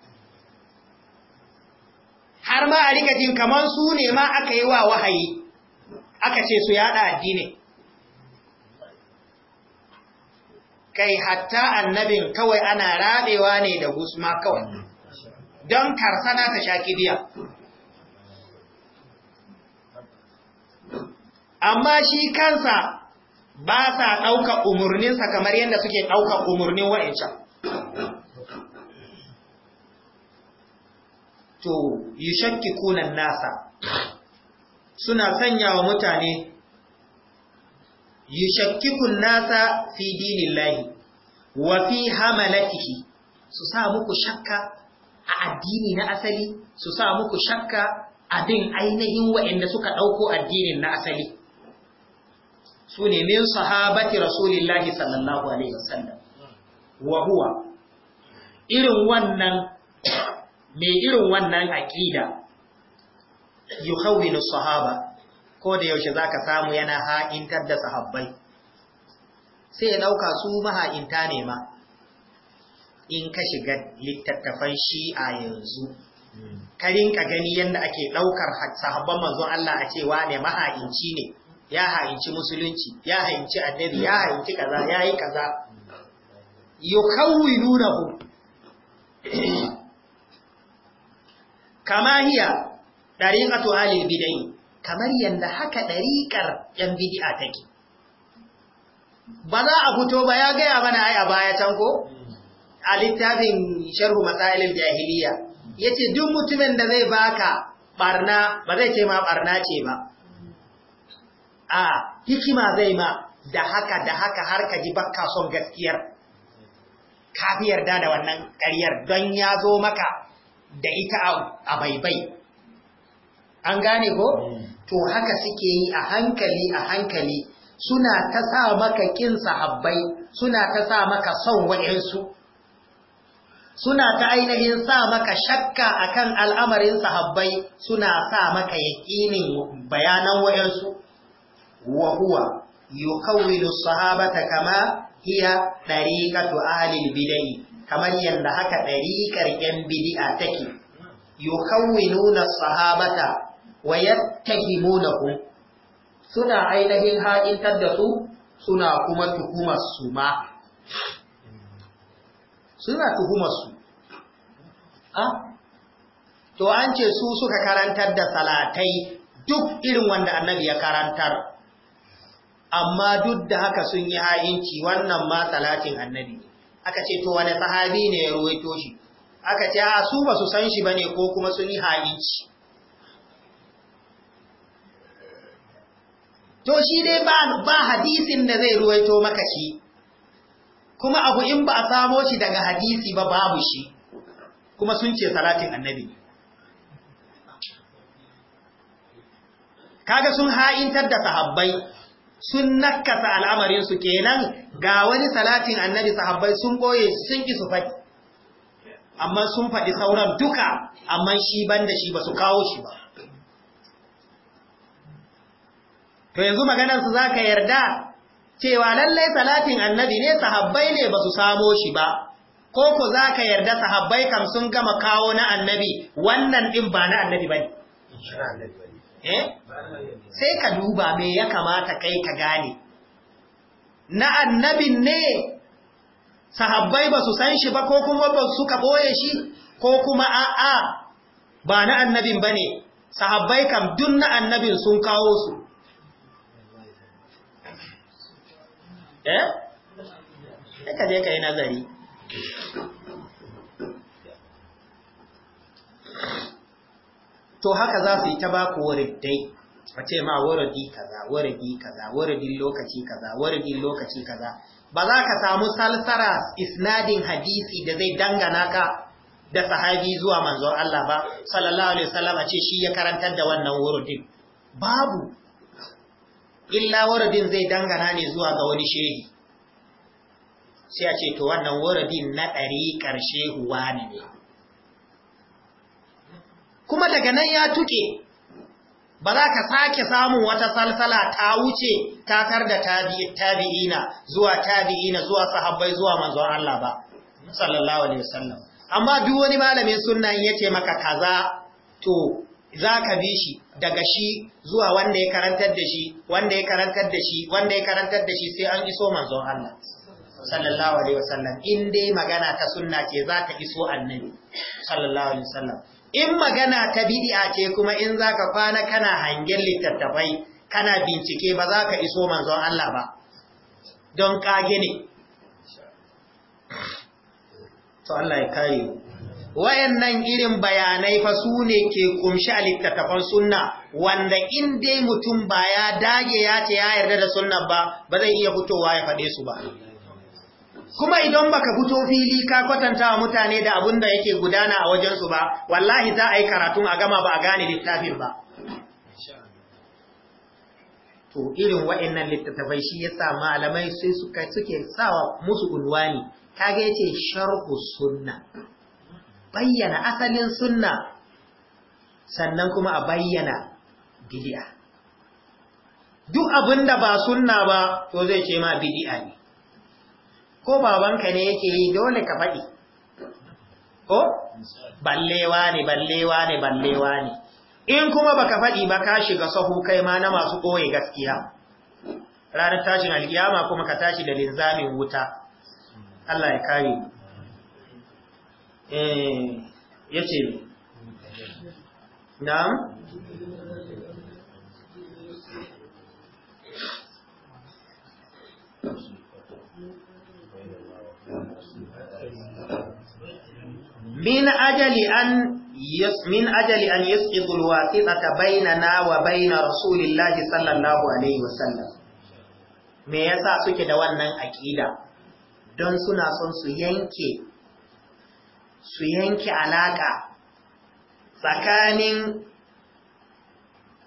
har ma a rika jin kaman su ne ma aka yi wa wahayi aka ce su yada addini kai hatta annabin kawai ana rabewa ne da gusma kawai don karsana ta shakidiya amma shi kansa ba sa ɗauka umarninsa kamar yadda suke ɗauka umarnin wa'incan to kunan nasa suna sanya wa mutane yi kun nasa fi dinillahi wa fi hamalatihi su sa muku shakka a addini na asali su sa muku shakka a abin ainihin waɗanda suka ɗauko addinin na asali su ne min sahabati rasulillahi sallallahu alaihi wasallam wa huwa irin wannan mai irin wannan aƙida yuhawwinu sahaba ko da yaushe zaka samu yana ha'intar da sahabbai sai ya dauka su maha'inta ne ma in ka shiga littattafan shi a yanzu ka rinka gani yadda ake daukar sahabban manzo Allah a cewa ne maha'inci ne ya ha'inci musulunci ya ha'inci annabi ya ha'inci kaza ya yi kaza yukhawwinunahum kama hiya ɗariƙatu hali bidai kamar yanda haka dariqar yan bid'a take ba za a fito ba ya gaya mana ai a baya can ko a littafin sharhu masailil jahiliya yace duk mutumin da zai baka barna ba zai ce ma barna ce ba a hikima zai ma da haka da haka har ka ji bakka son gaskiyar ka fi yarda da wannan ƙaryar don ya zo maka da ita a baibai an gane ko mm. to haka suke yi a hankali a hankali suna ta sa maka kin sahabbai suna ta sa maka son wa'insu suna ta ainihin sa maka shakka akan al'amarin sahabbai suna sa maka yaƙinin bayanan wayansu wa huwa yukawwilu sahabata kama hiya dariqatu ahli Bidayi. kamar yadda haka ɗariƙar ƴan bidi'a take, yukawwinuna sahabata wa ku suna ainihin ha'intar da su suna kuma tuhumar su ma. Suna tuhumar su. To an ce su suka karantar da salatai duk irin wanda annabi ya karantar, amma duk da haka sun yi ha'inci wannan ma salatin annabi ne. aka ce to wani sahabi ne ya ruwaito shi aka ce a su ba su san shi bane ko kuma sun yi halinci to shi dai ba ba hadisin da zai ruwaito maka shi kuma abu in ba a samo shi daga hadisi ba babu shi kuma sun ce salatin annabi kaga sun ha'intar da sahabbai sun nakasa al'amarinsu kenan ga wani salatin annabi sahabbai sun boye sun ki su faɗi amma sun faɗi sauran duka amma shi banda shi ba su kawo shi ba to yanzu maganarsu za ka yarda cewa lallai salatin annabi ne sahabbai ne ba su samo shi ba ko ku za ka yarda sahabbai kam sun gama kawo na annabi wannan ɗin ba na annabi ba ne Eh? sai ka duba me ya kamata kai ka gane na annabin ne sahabbai ba su san shi ba ko kuma ba suka boye shi ko kuma a'a ba na annabin bane sahabbai kam dun na annabin sun kawo su eh ka je ka yi nazari to haka za su yi ta baku waridai a ce ma waradi kaza waradi kaza waradin lokaci kaza waradin lokaci kaza ba za ka samu salsara isnadin hadisi da zai dangana ka da sahabi zuwa manzon Allah ba sallallahu alaihi wasallam a ce shi ya karantar da wannan waradin babu illa waradin zai dangana ne zuwa ga wani shehi sai a ce to wannan waradin na ɗari ƙarshe huwa ne kuma daga nan ya tuke ba za ka sake samun wata salsala ta wuce takar da tabi'ina zuwa tabi'ina zuwa sahabbai zuwa manzon Allah ba sallallahu alaihi wasallam amma duk wani malamin sunna in yace maka kaza to zaka bi shi daga shi zuwa wanda ya karantar da shi wanda ya karantar da shi wanda ya karantar da shi sai an iso manzon Allah sallallahu alaihi wasallam in dai magana ta sunna ce za ta iso annabi sallallahu alaihi wasallam in magana ta bid'a ce kuma in zaka kwana kana hangen littattafai kana bincike ba za iso manzon Allah ba don kage ne to Allah ya kare wayannan irin bayanai fa su ne ke kumshi a littattafan sunna wanda in dai mutum ba ya dage ya ce ya yarda da sunnan ba ba zai iya fitowa ya faɗe su ba kuma idan baka fito fili ka kwatanta wa mutane da abin da yake gudana a wajensu ba wallahi za a yi karatun a gama ba a gane littafin ba to irin wa'annan littattafai shi yasa malamai sai suka suke sawa musu unwani kage yace sharhu sunna bayyana asalin sunna sannan kuma a bayyana bid'a duk abinda ba sunna ba to zai ce ma bid'a ne ko babanka ne yake yi dole ka faɗi ko ballewa ne ballewa ne ballewa ne in kuma baka faɗi ba ka shiga sahu kai ma na masu ɓoye gaskiya ranar tashin alkiyama kuma ka tashi da linzamin wuta Allah ya kare eh yace na'am min ajali an yas min ajali an yasqitu alwasitata bainana wa baina rasulillahi sallallahu alaihi wasallam me yasa suke da wannan aqida don suna son su yanke su yanke alaka tsakanin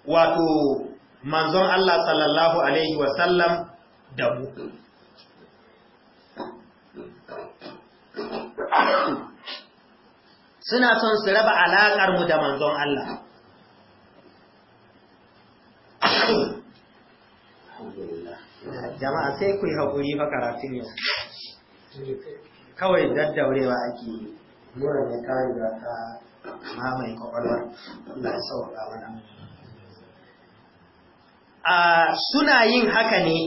wato manzon Allah sallallahu alaihi wasallam da mu suna son su raba alaƙar mu da manzon Allah jama'a sai ku yi haƙuri fa karatun yau kawai daddaurewa ake yi mura ne kawai da ta mamaye kwakwalwa Allah ya sauka wani a suna yin haka ne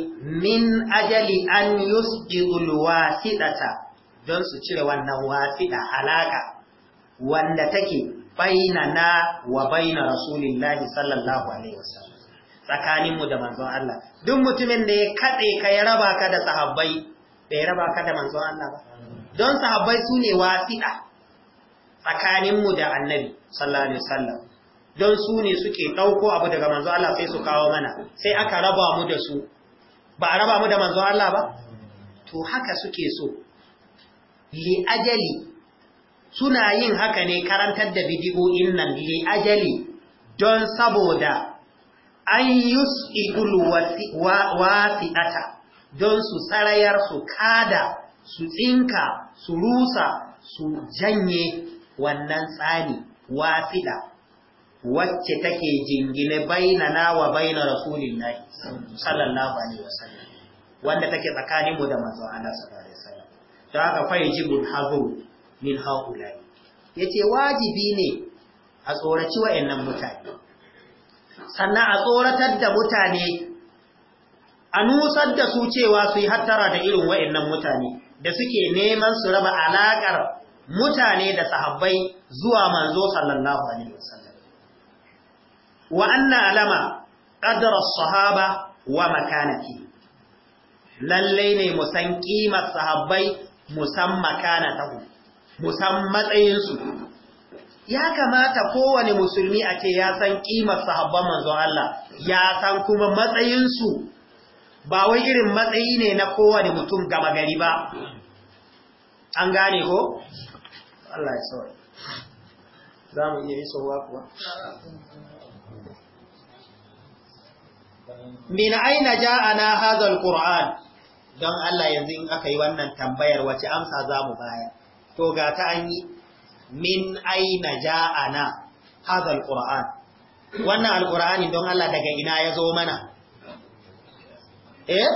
min ajali an yusjidul wasidata don su cire wannan wasida alaƙa. wanda take baina na wa baina rasulillahi sallallahu alaihi wasallam tsakaninmu da manzon Allah duk mutumin da ya katse ka ya raba ka da sahabbai bai raba ka da manzon Allah ba don sahabbai su ne tsakaninmu da annabi sallallahu alaihi wasallam don su ne suke dauko abu daga manzon Allah sai su kawo mana sai aka raba mu da su ba a raba mu da manzon Allah ba to haka suke so li ajali suna yin haka ne karantar da bidiyoyin nan li ajali don saboda an wasi wasi'ata don su sarayar su kada su tsinka su rusa su janye wannan tsani wasiɗa wacce take jingine na wa baina rasulillahi sallallahu alaihi wasallam wanda take tsakaninmu da manzon Allah sallallahu alaihi wasallam don haka fa yajibul min haulai yace wajibi ne a tsoraci wayannan mutane sannan a tsoratar da mutane a nusar da su cewa su yi hattara da irin wayannan mutane da suke neman su raba alakar mutane da sahabbai zuwa manzo sallallahu alaihi wasallam wa anna alama qadra as-sahaba wa makanati lallai ne mu san kimar sahabbai mu san makanatahu musan matsayinsu ya kamata kowane musulmi a ce ya san ƙimar sahabban manzo Allah ya san kuma matsayinsu ba wai irin matsayi ne na kowane mutum gama gari ba an gane ko? Allah ya za mu iya yi sauwa kuwa min aina ana hadha alquran don Allah yanzu in aka yi wannan tambayar wace amsa za mu bayar to ga ta an yi min aina ja'ana hadha alquran wannan alqurani don Allah daga ina ya zo mana eh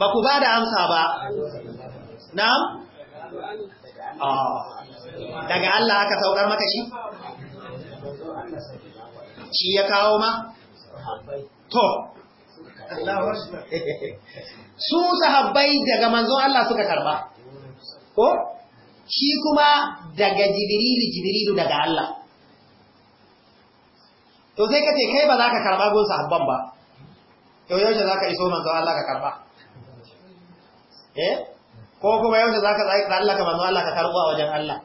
ba ku ba da amsa ba na'am ah. daga Allah aka saukar maka shi shi ya kawo ma to su sahabbai daga manzon Allah suka karba ko shi kuma daga jibrilu jibrilu daga Allah to sai ka ce kai ba za ka karba gun sahabban ba to yaushe za ka iso manzo Allah ka karba eh ko kuma yaushe za ka ka manzo Allah ka karbo a wajen Allah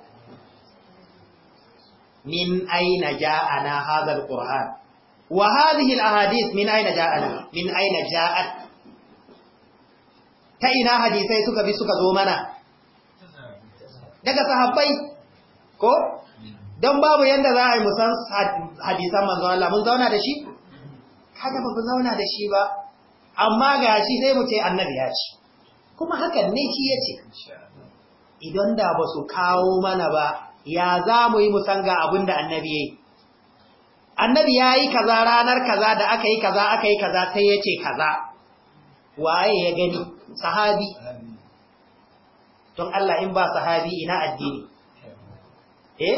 min aina ja'ana hadha alquran wa hadhihi alahadith min aina ja'ana min aina ja'at ta ina hadisai suka bi suka zo mana daga sahabbai ko don babu yadda za a yi musan hadisan manzon Allah mun zauna da shi kada ba mu zauna da shi ba amma ga shi sai mu ce annabi ya ce kuma hakan ne shi ya ce idan da ba su kawo mana ba ya za mu yi musan ga abin da annabi ya yi annabi ya yi kaza ranar kaza da aka yi kaza aka yi kaza sai ya ce kaza waye ya gani sahabi don Allah in ba sahabi ina addini eh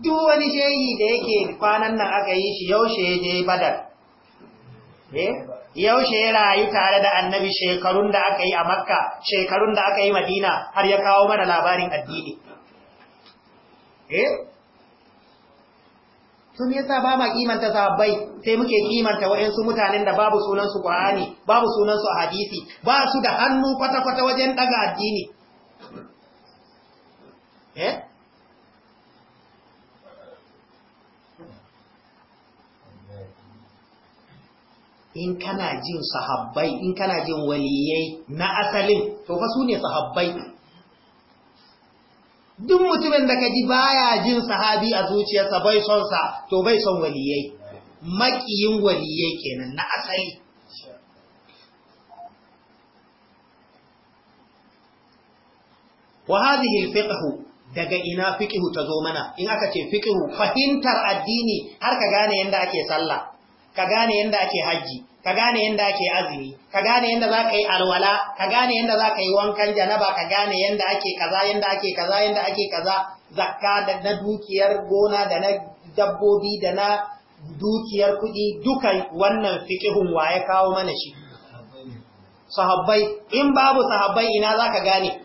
duk wani shehi da yake kwanan nan aka yi shi yaushe ya je badar eh yaushe rayu tare da annabi shekarun da aka yi a makka shekarun da aka yi madina har ya kawo mana labarin addini sun eh? yasa ba ma kimanta sabai sai muke kimanta waɗansu mutanen da babu sunansu ƙwa'ani, babu sunansu a hadisi ba su da hannu kwata-kwata wajen ɗaga addini え in eh? in kana jin sahabbai in kana jin waliyai na asalin to fa su ne sahabbai duk mutumin da kaji baya jin sahabi a zuciyarsa bai son sa to bai son waliyai makiyin waliyai kenan na asali wa hadhihi al-fiqh daga ina fiƙihu ta zo mana in aka ce fiƙihu fahimtar addini har ka gane yadda ake sallah ka gane yadda ake hajji ka gane yadda ake azumi ka gane yadda za ka yi alwala ka gane yadda za ka yi wankan janaba ka gane yadda ake kaza yadda ake kaza yadda ake kaza zakka da na dukiyar gona da na dabbobi da na dukiyar kuɗi duka wannan fiƙihun wa ya kawo mana shi sahabbai in babu sahabbai ina za ka gane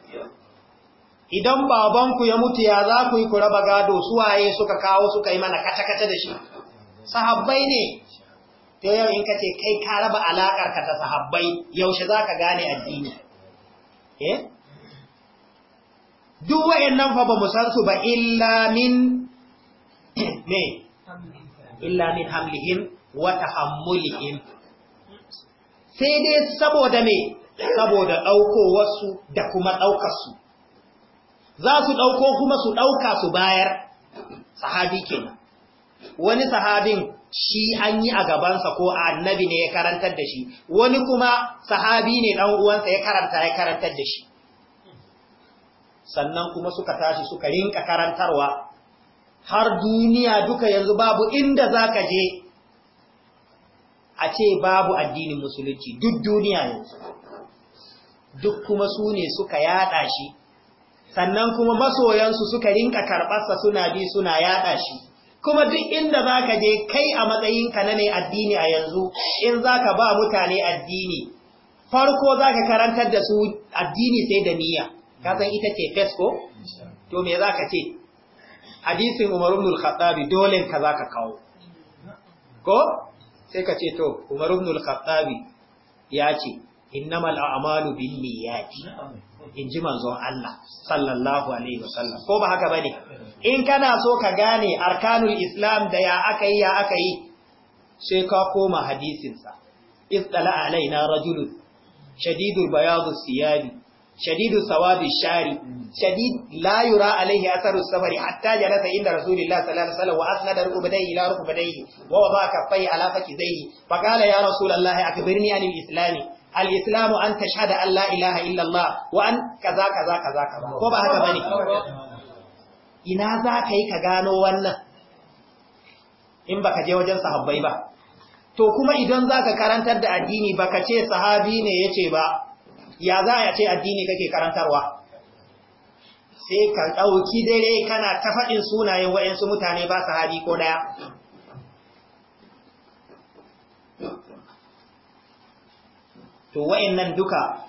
idan babanku ya mutu ya za ku yi ku raba gado suwaye suka kawo suka yi mana kata-kata da shi sahabbai ne ta yau in ka ce kai ka raba alaƙar ka ta sahabbai yaushe za ka gane addini eh duk wayannan fa ba mu san ba illa min me hamlihim wata hamulihim sai dai saboda me saboda ɗaukowarsu da kuma ɗaukarsu za su ɗauko kuma su ɗauka su bayar sahabi ke. wani sahabin shi an yi a gabansa ko annabi ne ya karantar da shi wani kuma sahabi ne ɗan uwansa ya karanta ya karantar da shi sannan kuma suka tashi suka rinka karantarwa har duniya duka yanzu babu inda za ka je a ce babu addinin musulunci duk duniya yanzu duk kuma su ne suka yada shi sannan kuma masoyansu suka rinka karɓarsa suna bi suna yaɗa shi kuma duk inda za ka je kai a matsayin ka na mai addini a yanzu in za ka ba mutane addini farko za ka karantar da su addini sai da niyya ka san ita ce fesko to me za ka ce hadisin umar ibn al-khattabi dole ka za ka kawo ko sai ka ce to umar ibn al-khattabi ya ce innamal a'malu binniyati in ji manzon Allah sallallahu alaihi wasallam ko ba haka bane in kana so ka gane arkanul islam da ya aka yi ya aka yi sai ka koma hadisinsa. sa istala alaina rajulun shadidul bayadu siyabi shadidu sawadi shari shadid la yura alaihi hatta jalasa inda rasulillah sallallahu alaihi wasallam wa asnada ila wa ala ya rasulullah akbirni anil islami al ان an ان لا اله ilaha illallah وان كذا kaza kaza kaza ko ba haka bane ina za ka ka gano wannan in baka je wajen sahabbai ba to kuma idan zaka karantar da addini baka ce sahabi ne yace ba ya za a ce addini kake karantarwa sai ka ɗauki dare kana ta faɗin sunayen wa'yansu mutane ba sahabi ko ɗaya. to wa'annan duka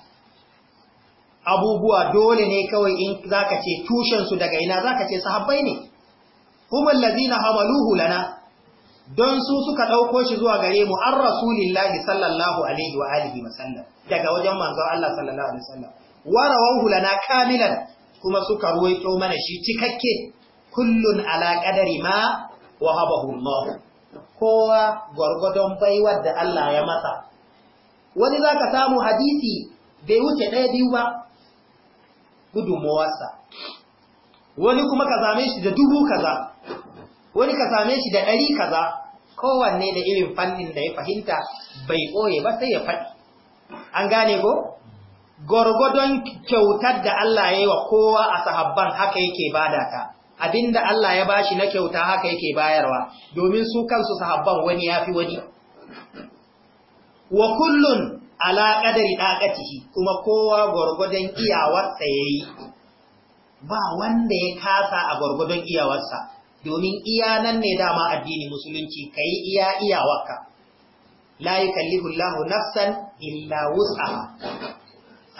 abubuwa dole ne kawai in zaka ce tushensu daga ina zaka ce sahabbai ne humul ladina hamaluhu lana don su suka dauko shi zuwa gare mu an rasulillahi sallallahu alaihi wa alihi wasallam daga wajen manzon Allah sallallahu alaihi wasallam warawahu lana kamilan kuma suka ruwaito mana shi cikakke kullun ala qadari ma wahabahu Allah kowa gurgudon baiwar da Allah ya masa wani za ka samu hadisi bai wuce ɗaya biyu ba gudunmawarsa wani kuma ka same shi da dubu kaza wani ka same shi da ɗari kaza kowanne da irin fannin da ya fahimta bai ɓoye ba sai ya faɗi an gane ko gwargwadon kyautar da Allah ya yi wa kowa a sahabban haka yake bada ta abinda Allah ya bashi na kyauta haka yake bayarwa domin su kansu sahabban wani ya fi wani wa kullun ala qadari daqatihi kuma kowa gurgudan iyawarsa yayi ba wanda ya kasa a gurgudan iyawarsa domin iya nan ne dama addini musulunci kai iya iyawarka la yukallifu Allahu nafsan illa wus'aha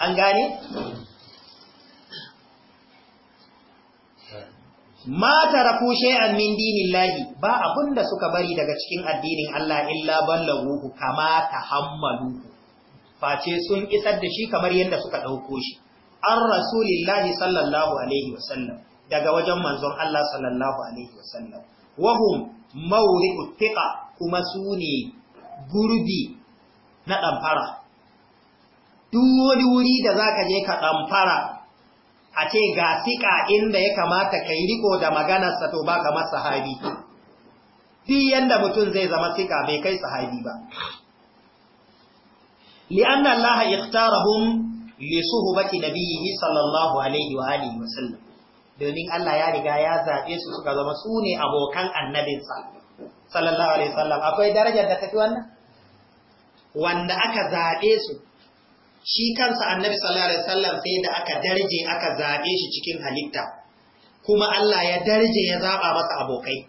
an gane ma taraku shay'an min dinillahi ba abunda suka bari daga cikin addinin Allah illa ballaguhu kama tahammaluhu face sun isar da shi kamar yadda suka dauko shi an rasulillahi sallallahu alaihi wasallam daga wajen manzon Allah sallallahu alaihi wasallam wahum mawri'u thiqa kuma sune gurbi na damfara duk wani wuri da zaka je ka damfara a ce ga siƙa inda ya kamata ka yi riko da maganarsa to ba ka masa sahabi Fi yanda mutum zai zama siƙa bai kai sahabi ba li'anna allaha ikhtarahum da biyu nabiyhi sallallahu alaihi wa alihi wasallam domin Allah ya riga ya zaɓe su suka zama su ne abokan annabinsa sallallahu alaihi wasallam akwai darajar da tafi wannan wanda aka zaɓe su shi kansa annabi sallallahu alaihi wasallam sai da aka darje aka zabe shi cikin halitta kuma Allah ya darje ya zaba masa abokai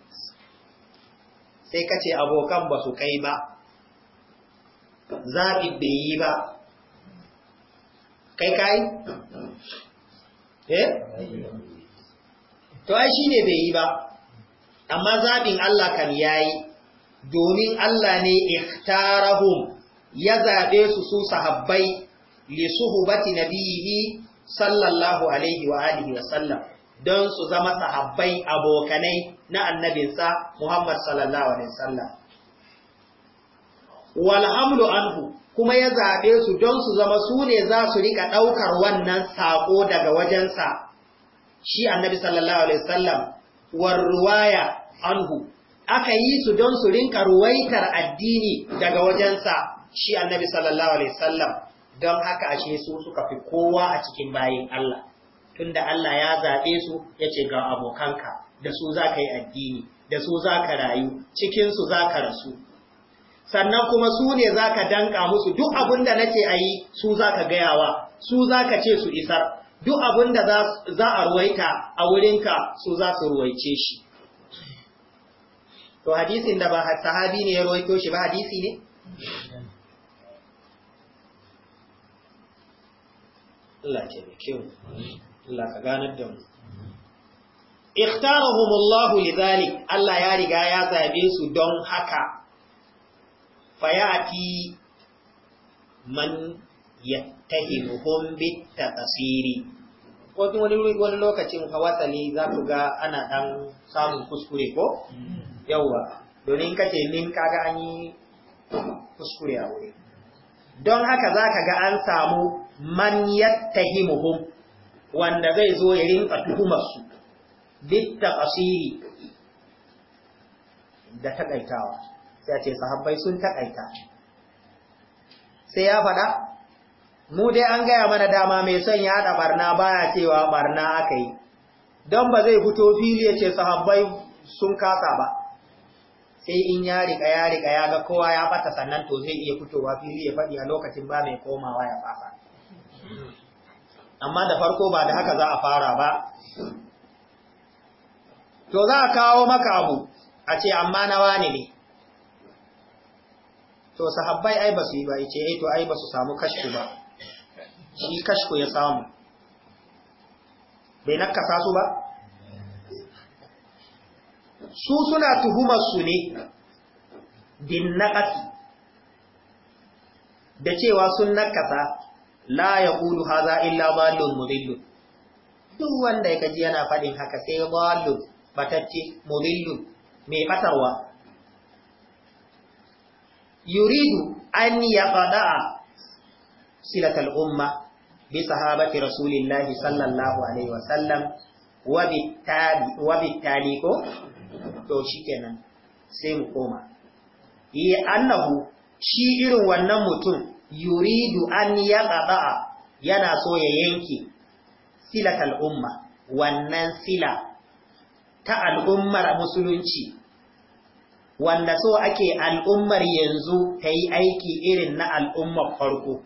sai kace abokan ba su kai ba zabi bai yi ba kai kai eh to ai shine bai yi ba amma zabin Allah kan yayi domin Allah ne ikhtarahum ya zabe su su sahabbai lisuhubati suhbati sallallahu alaihi wa alihi wa sallam don su zama sahabbai abokanai na annabinsa Muhammad sallallahu alaihi wasallam wal amlu anhu kuma ya zabe su don su zama su ne za su rika daukar wannan sako daga wajensa shi annabi sallallahu alaihi wasallam war ruwaya anhu aka yi su don su rinka ruwaitar addini daga wajensa shi annabi sallallahu alaihi wasallam don haka ashe su suka fi kowa a cikin bayin Allah tunda Allah ya zaɓe su ya ce ga abokanka da su za ka yi addini da su za ka rayu cikinsu za ka rasu sannan kuma su ne za ka danka musu duk abin da nake a yi su za ka gayawa su za ka ce su isar duk abin da za a ruwaita a wurinka su za su ruwaice shi to hadisin da ba sahabi ne ya ruwaito shi ba hadisi ne Allah ke da kyau. Allah ka ganar da mu ikhtarahumullahu lidhalik Allah ya riga ya zabe su don haka fayati man yattahimuhum bitasiri wani wani lokacin hawasali za ku ga ana dan samun kuskure ko mm. yawwa domin kace min kaga an yi kuskure a wurin don haka za ka ga an samu man muhum wanda zai zo ya rinka tuhumarsu bitta asiri da takaitawa sai a ce sahabbai sun takaita sai ya faɗa mu dai an gaya mana dama mai son ya haɗa barna baya cewa barna aka yi don ba zai fito fili ya ce sahabbai sun kasa ba sai in ya riga ya riga ya ga kowa ya fata sannan to zai iya fitowa fili ya faɗi a lokacin ba mai komawa ya fasa amma da farko ba da haka za a fara ba to za a kawo maka abu a ce amma na wani ne to sahabbai ai ba su yi ba ce ai eh, to ai ba su samu kashku ba shi kashku ya samu bai nakasa su ba su suna tuhumar su ne na ƙasa, da cewa sun nakasa la yaqulu haza illa dallun mudillun duk wanda ya kaji yana faɗin haka sai dallun batacce mudillun mai batarwa yuridu an ya faɗa a silat umma bi sahabati rasulillahi sallallahu alaihi wasallam wa bittali ko to shi kenan, sai mu koma yi annahu shi irin wannan mutum yuridu an yaqata yana so ya yanke silatal umma wannan sila ta al'ummar musulunci wanda so ake al'ummar yanzu ta yi aiki irin na al'ummar farko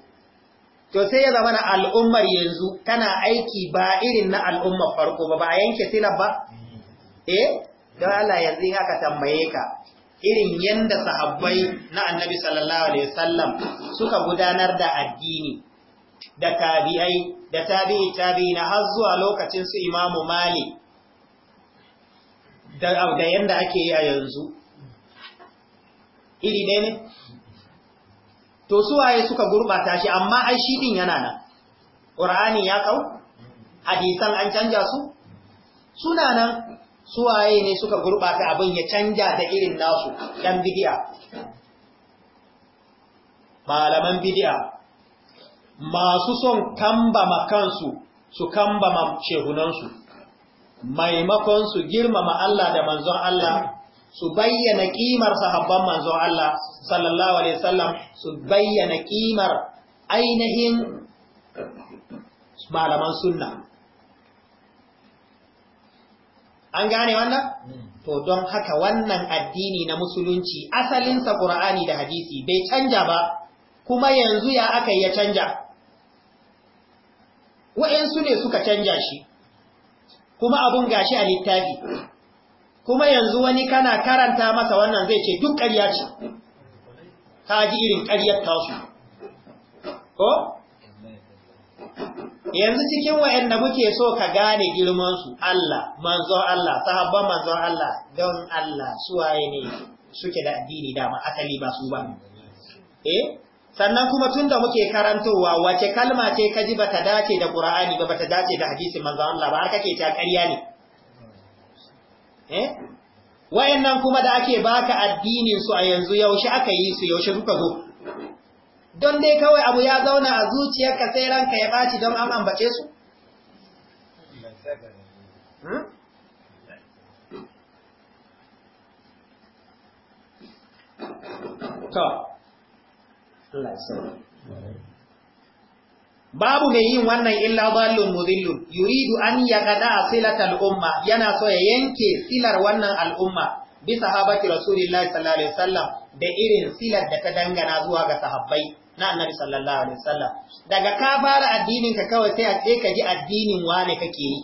to sai ya zama na al'ummar yanzu tana aiki ba irin na al'ummar farko ba ba a yanke sila ba mm. eh don Allah yanzu in aka tambaye ka irin yanda sahabbai na annabi sallallahu alaihi wasallam suka gudanar da addini da tabi'ai da tabi'i tabi'i na har zuwa lokacin su imamu malik da yanda ake yi a yanzu iri ɗaya ne to suwaye suka gurbata shi amma ai shi din yana nan ƙur'ani ya kau hadisan an canja su suna nan suwaye ne suka gurɓata abin ya canja da irin nasu ɗan bidiya malaman bidiya masu son kambama kansu su kambama shehunansu maimakon su girmama Allah da manzon Allah su bayyana kimar sahabban manzon Allah sallallahu alaihi wasallam su bayyana kimar ainihin malaman sunna an gane wannan hmm. to don haka wannan addini na musulunci asalinsa qur'ani da hadisi bai canja ba kuma yanzu ya aka ya canja wa'yansu ne suka canja shi kuma abun gashi a littafi kuma yanzu wani kana karanta masa wannan zai ce duk ƙarya ce ka ji irin ƙaryar tausu ko yanzu cikin wa'anda muke so ka gane girman su Allah manzo Allah sahabban manzo Allah don Allah suwaye ne suke da addini dama asali ba su ba eh sannan kuma tun da muke karantowa wace kalma ce kaji ta dace da ƙura'ani ba ta dace da hadisin manzo Allah ba har kake ta ƙarya ne eh wayannan kuma da ake baka addinin su a yanzu yaushe aka yi su yaushe kuka zo don dai kawai abu ya zauna a zuciyarka sai ranka ya ɓaci don an ambace su? Hmm? Babu mai yin wannan illa zallun muzillun, yuridu an ya gada a silar al'umma yana so ya yanke silar wannan al'umma bisa habaki Rasulullah sallallahu Alaihi Wasallam da irin silar da ta dangana zuwa ga sahabbai na annabi sallallahu alaihi wasallam daga ka fara addinin ka kawai sai a ce ka ji addinin wane kake yi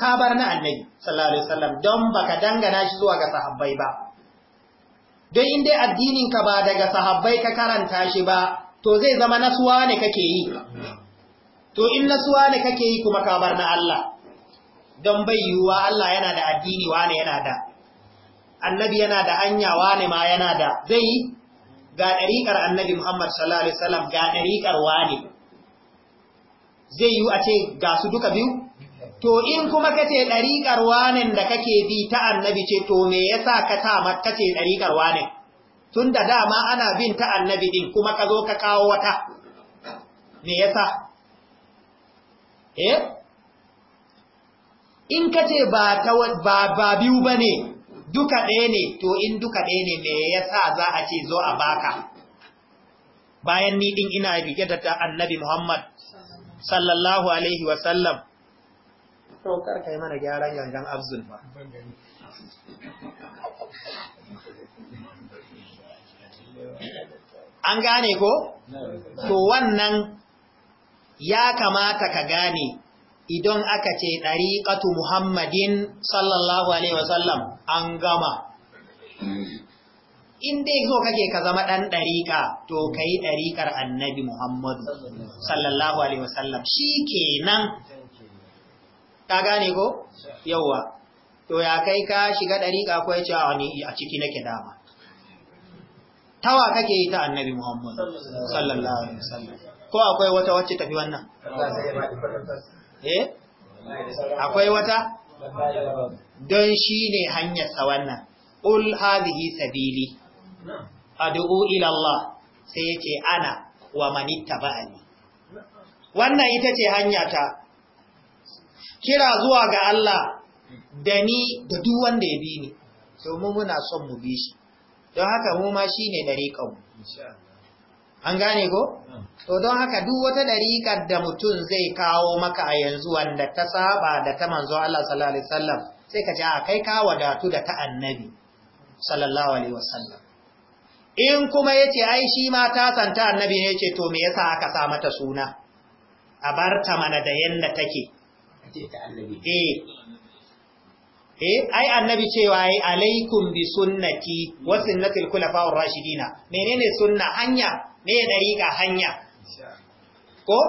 ka bar na annabi sallallahu alaihi wasallam don baka dangana shi zuwa ga sahabbai ba don in dai addinin ka ba daga sahabbai ka karanta shi ba to zai zama nasuwa ne kake yi to in nasuwa ne kake yi kuma ka bar na Allah don bai yiwuwa Allah yana da addini wane yana da annabi yana da hanya wane ma yana da zai ga ɗariƙar annabi Muhammad sallallahu alaihi wasallam ga ɗariƙar wane zai yi a ce ga su duka biyu to in kuma kace ɗariƙar wanen da kake bi ta annabi ce to me yasa ka sa kace ɗariƙar wanen da dama ana bin ta annabi ɗin, kuma ka zo ka kawo wata me yasa eh in kace ba biyu ba, ba biyu bane duka ɗaya ne to in duka ɗaya ne me yasa za a ce zo a baka bayan ni din ina rike da annabi Muhammad sallallahu alaihi wa sallam to kar kai mana gyaran gangan abzul ba. an gane ko to wannan ya kamata ka gane idan aka ce ɗariƙatu Muhammadin sallallahu Alaihi wasallam an gama. In dai zo kake ka zama ɗan ɗariƙa, to ka yi ɗariƙar annabi Muhammadu sallallahu Alaihi wasallam shi kenan. Ka gane ko? Yauwa, to ya kai ka shiga ɗariƙa ko ya ce a ciki nake dama. Tawa kake yi ta annabi Muhammadu sallallahu Alaihi wasallam. Ko akwai wata wacce tafi wannan? eh akwai wata don shi ne hanyarsa wannan ul hadhihi sabili ad'u ila Allah sai yake ana wa manittaba'ani wannan ita ce hanya ta. kira zuwa ga Allah da ni da duk wanda ya bi ni to mu muna son mu bi shi don haka mu ma shine dariƙan mu an gane ko to don haka duk wata dariƙar da mutum zai kawo maka a yanzu wanda ta saba da ta manzo Allah sallallahu alaihi wasallam sai ka ji a kai ka wadatu da ta annabi sallallahu alaihi wasallam in kuma yace ai shi ma ta santa annabi ne yace to me yasa aka sa mata suna a barta mana da yanda take eh eh ai annabi cewa ai alaikum bi sunnati wa sunnatil khulafa'ur rashidina menene sunna hanya Me ne dariqa hanya ko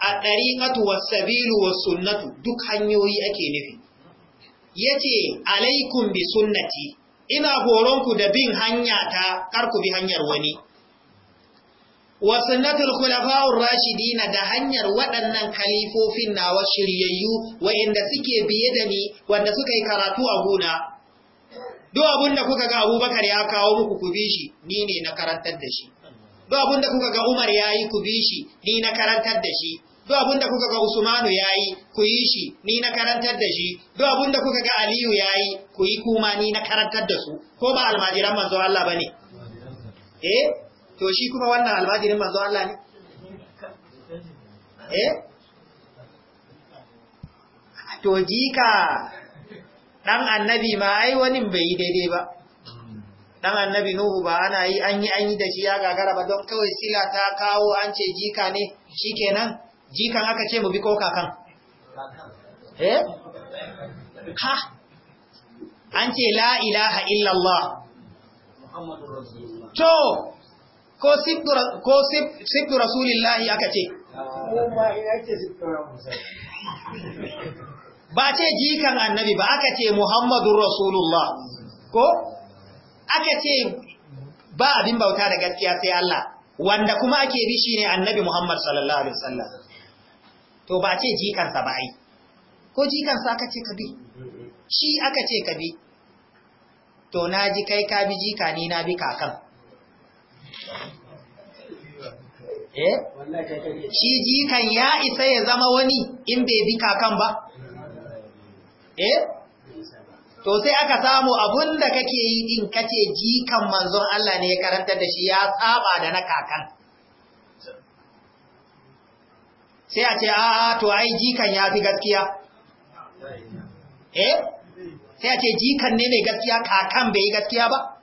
a dariqatu was-sabilu was-sunnatu duk hanyoyi ake nufi yace alaikum bi sunnati ina horon ku da bin hanya ta kar ku bi hanyar wani wa sunnatul khulafa'ur rashidina da hanyar waɗannan kalifofin nawa shiryayyu wa'inda suke biye da ni wanda suka yi karatu a gona Do abun da kuka ga Abubakar ya kawo muku ku bi shi ni ne na karantar da shi Do abun da kuka ga Umar yayi ku bi shi ni na karantar da shi Do abun da kuka ga Usmanu yi ku yi shi ni na karantar da shi Do abun da kuka ga Aliyu yi ku yi kuma ni na karantar da su ko ba almajiran manzo Allah bane eh to shi kuma wannan almajirin manzo Allah ne eh to jika dan annabi ma ai wani bai yi daidai ba dan annabi nuhu ba ana yi an yi an yi da shi ya gagara ba don kawai sila ta kawo an ce jika ne shikenan jikan aka ce mu bi ko kakan eh ha an ce la ilaha illallah to ko siftu rasulillahi aka ce ba ce jikan annabi ba aka ce muhammadun rasulullah ko aka ce ba abin bauta da gaskiya sai Allah wanda kuma ake bi shi ne annabi muhammad sallallahu alaihi wasallam to ba ce jikansa ba ai ko jikansa aka ce ka bi shi aka ce ka bi to na ji kai ka bi jika ni na bi kakan Eh? shi jikan ya isa ya zama wani in bai bi kakan ba eh to sai aka samu abun da kake yi din kace jikan manzon Allah ne ya karantar da shi ya tsaba da na kakan sai a ce a'a to ai jikan ya fi gaskiya eh sai a ce jikan ne mai gaskiya kakan bai yi gaskiya ba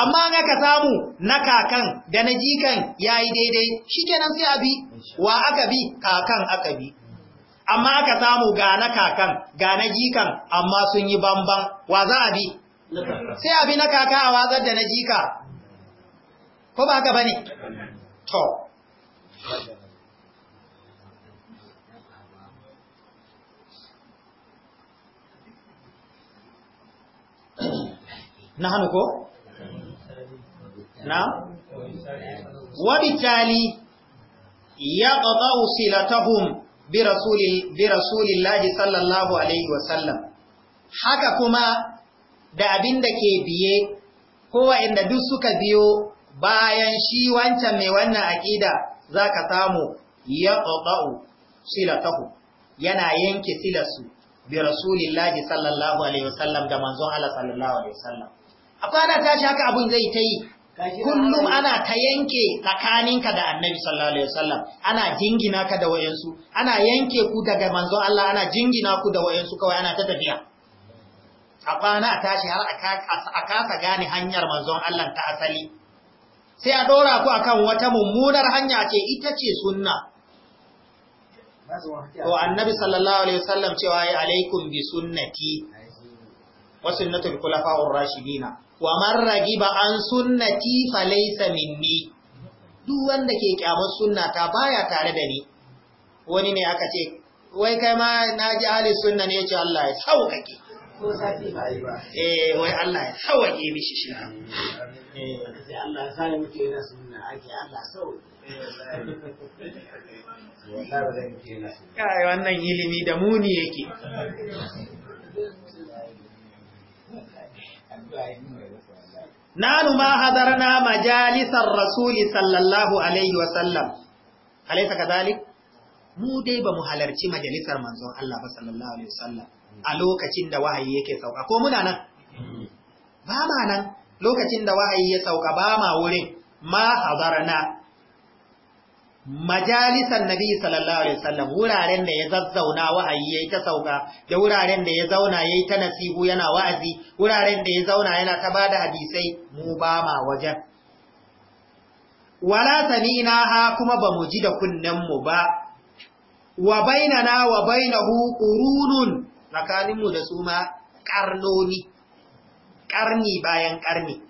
amma ga ka samu na kakan da na jikan yayi daidai shikenan sai abi wa aka bi kakan aka bi amma aka samu ga na kakan ga na jikan amma sun yi bamban wa za a bi sai abi na kaka a wazar da na jika ko ba haka bane to na hannu ko? na wabitali ya qada'u silatahum bi rasulil bi rasulillahi sallallahu alaihi wasallam haka kuma da abin da ke biye kowa inda duk suka biyo bayan shi wancan mai wannan aƙida za ka samu ya ƙoƙa'u silatahu yana yanke silasu bi rasulillahi sallallahu alaihi wasallam da manzon Allah sallallahu alaihi wasallam a kwana shi haka abin zai ta yi kullum ana ta yanke tsakaninka da annabi sallallahu alaihi wasallam ana jingina ka da wayansu ana yanke ku daga manzo Allah ana jingina ku da wayansu kawai ana ta tafiya a kwana a tashi har a kasa gane hanyar manzon Allah ta asali sai a dora ku akan wata mummunar hanya ce ita ce sunna to annabi sallallahu alaihi wasallam cewa alaikum bi sunnati wa sunnatul khulafa'ur rashidina wa man ragiba an sunnati fa laysa minni duk wanda ke kyamar ta baya tare da ni wani ne aka ce wai kai ma na ji ahli sunna ne ce Allah ya sauƙaƙe ko ba ba eh wai Allah ya sauƙaƙe mishi shi eh Allah ya sa muke sunna ake Allah sauƙaƙe eh, Kai wannan ilimi da muni yake. nanu ma hadarna majalisar rasuli sallallahu alaihi wasallam ka zalik, mu dai mu halarci majalisar manzon Allah ba sallallahu alaihi wasallam a lokacin da wahayi yake sauka ko muna nan ba ma nan lokacin da wahayi ya sauka ba ma wurin ma hadarna majalisan nabi sallallahu alaihi wasallam wuraren da ya zazzauna wa'ayi yayi ta sauka da wuraren da ya zauna yayi ta nasihu yana wa'azi wuraren da ya zauna yana ta bada hadisai mu ba ma wajen wala sami'na ha kuma bamu ji da kunnen mu ba wa bainana wa bainahu qurunun tsakanin mu da su ma karnoni karni bayan karni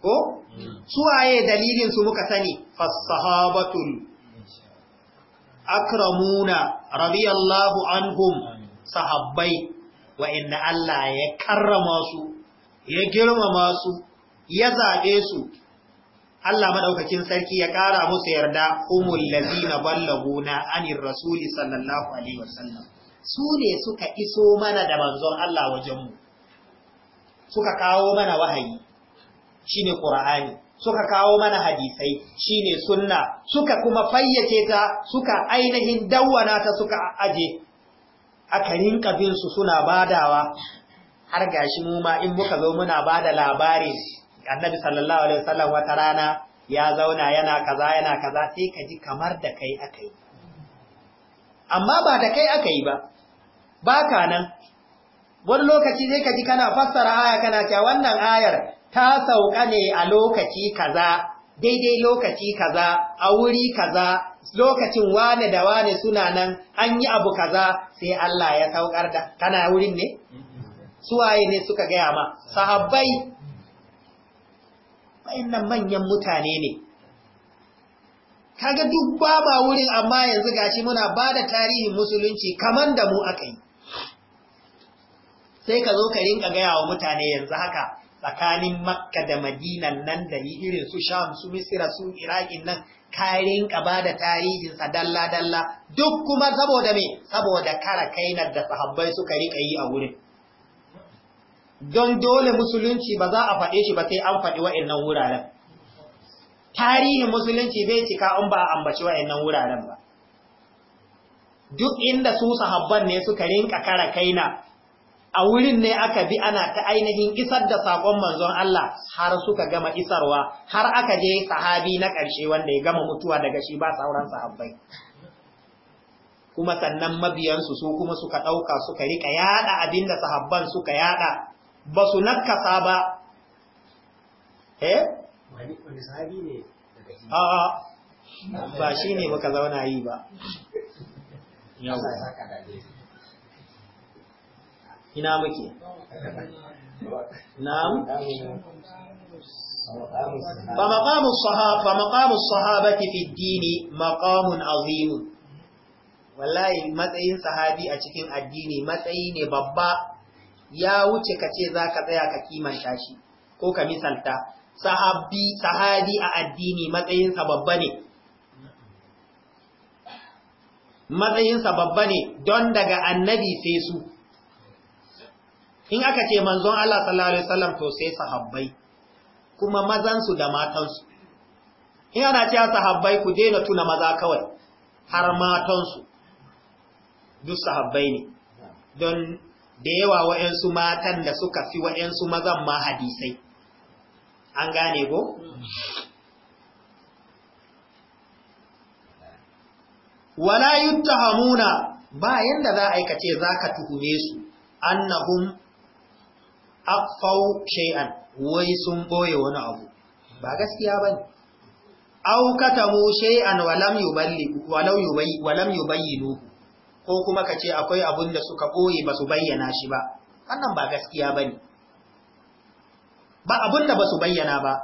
ko hmm. suwaye dalilin su muka sani fasahabatul akramuna radiyallahu anhum sahabbai wa inna Allah ya karrama su ya girmama su ya zaɓe su Allah madaukakin sarki ya ƙara musu yarda umul lazina na anir rasuli sallallahu alaihi wasallam su ne suka iso mana da manzon Allah wajenmu suka kawo mana wahayi shine Qur'ani suka kawo mana hadisai shine sunna suka kuma fayyace ta suka ainihin dawwana ta suka aje aka rinka bin su suna badawa har gashi mu ma in muka zo muna bada labarin Annabi sallallahu alaihi wasallam wata rana ya zauna yana kaza yana kaza sai ka ji kamar da kai akai amma ba da kai akai ba baka nan wani lokaci sai ka ji kana fassara aya kana cewa wannan ayar ta sauka ne a lokaci kaza daidai lokaci kaza a wuri kaza lokacin wane da wane suna nan an yi abu kaza sai Allah ya saukar da kana wurin ne suwaye ne suka gaya ma sahabbai nan manyan mutane ne kaga duk ba wurin amma yanzu gashi muna bada tarihin musulunci kaman da mu aka yi sai ka zo ka rinka gaya wa mutane yanzu haka tsakanin makka da madinan nan da yi irin su sham su misira su iraqin nan karin ba da tarihinsa dalla-dalla duk kuma saboda me saboda kara kainar da sahabbai suka riƙa yi a wurin don dole musulunci ba za a faɗe shi ba sai an faɗi wa'annan wuraren tarihin musulunci bai cika an ba a ambaci wa'annan wuraren ba duk inda su sahabban ne suka rinka kara kaina a wurin ne aka bi ana ta ainihin isar da sakon manzon Allah har suka gama isarwa har aka je sahabi na ƙarshe wanda ya gama mutuwa daga shi ba sauran sahabbai kuma sannan mabiyansu su kuma suka ɗauka suka rika yada abinda sahabban suka yada ba su nakasa ba eh wani sahabi ne ba muka zauna yi ba ina muke na'am sahaba fa فمقام sahabati fi dini maqamun azim wallahi matsayin sahabi a cikin addini matsayi ne babba ya wuce ka ce za ka tsaya ka kimanta shi ko ka misalta sahabi sahabi a addini matsayinsa babba ne matsayinsa babba ne don daga annabi sai su in aka ce manzon Allah sallallahu alaihi wasallam to sai sahabbai kuma mazansu da matansu in ana cewa sahabbai ku daina tuna maza kawai har matansu duk sahabbai ne don da yawa wa'yansu matan da suka fi wa'yansu mazan ma hadisai an gane go? wala yuttahamuna ba yanda za a aikace za ka tuhume su annahum akfau shay'an wai sun boye wani abu ba gaskiya bane aw katamu shay'an walam yuballi walau yubayi walam yubayinu ko kuma kace akwai abun da suka boye basu bayyana shi ba wannan ba gaskiya bane ba abun da basu bayyana ba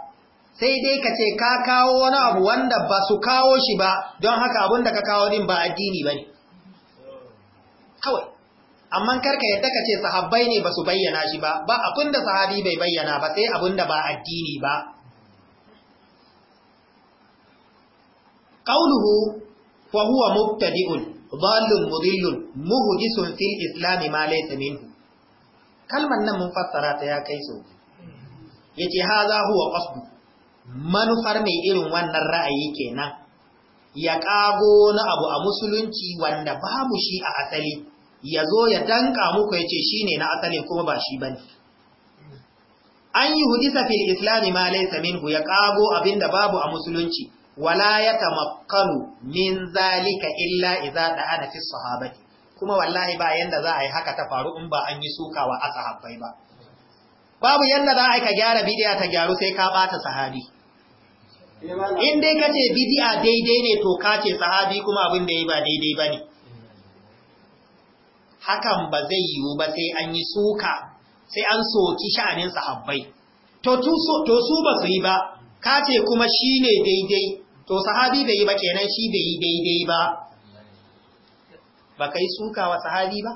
sai dai kace ka kawo wani abu wanda basu kawo shi ba don haka abun da ka kawo din ba addini bane kawai amma karka yadda ka ce sahabbai ne ba su bayyana shi ba ba abin da sahabi bai bayyana ba sai abin da ba addini ba Ƙauluhu, wa huwa mubtadi'un dhallun mudillun muhdisun fil islam ma laysa minhu kalman nan mun fassara ta ya kai so yace haza huwa qasdu manufar mai irin wannan ra'ayi kenan ya kago na abu a musulunci wanda babu shi a asali ya zo ya danka muku ya ce shi ne na asalin kuma ba shi ba ne. An yi hudisa fil islami ma laisa minhu ya ƙago abin da babu a musulunci, wala ya tamakkanu min zalika illa iza da ana fi sahabati, kuma wallahi ba yanda za a yi haka ta faru in ba an yi sukawa a sahabbai ba. Babu yadda za a yi ka gyara bidiya ta gyaru sai ka bata sahabi. In dai ka ce bidiya daidai ne to ka ce sahabi kuma abin da ya yi ba daidai ba ne. hakan ba zai yiwu ba sai an yi suka sai an soki sha'anin sahabbai to su ba su yi ba ka ce kuma shi ne daidai to sahabi bai yi ba kenan shi bai yi daidai ba ba ka yi suka wa sahabi ba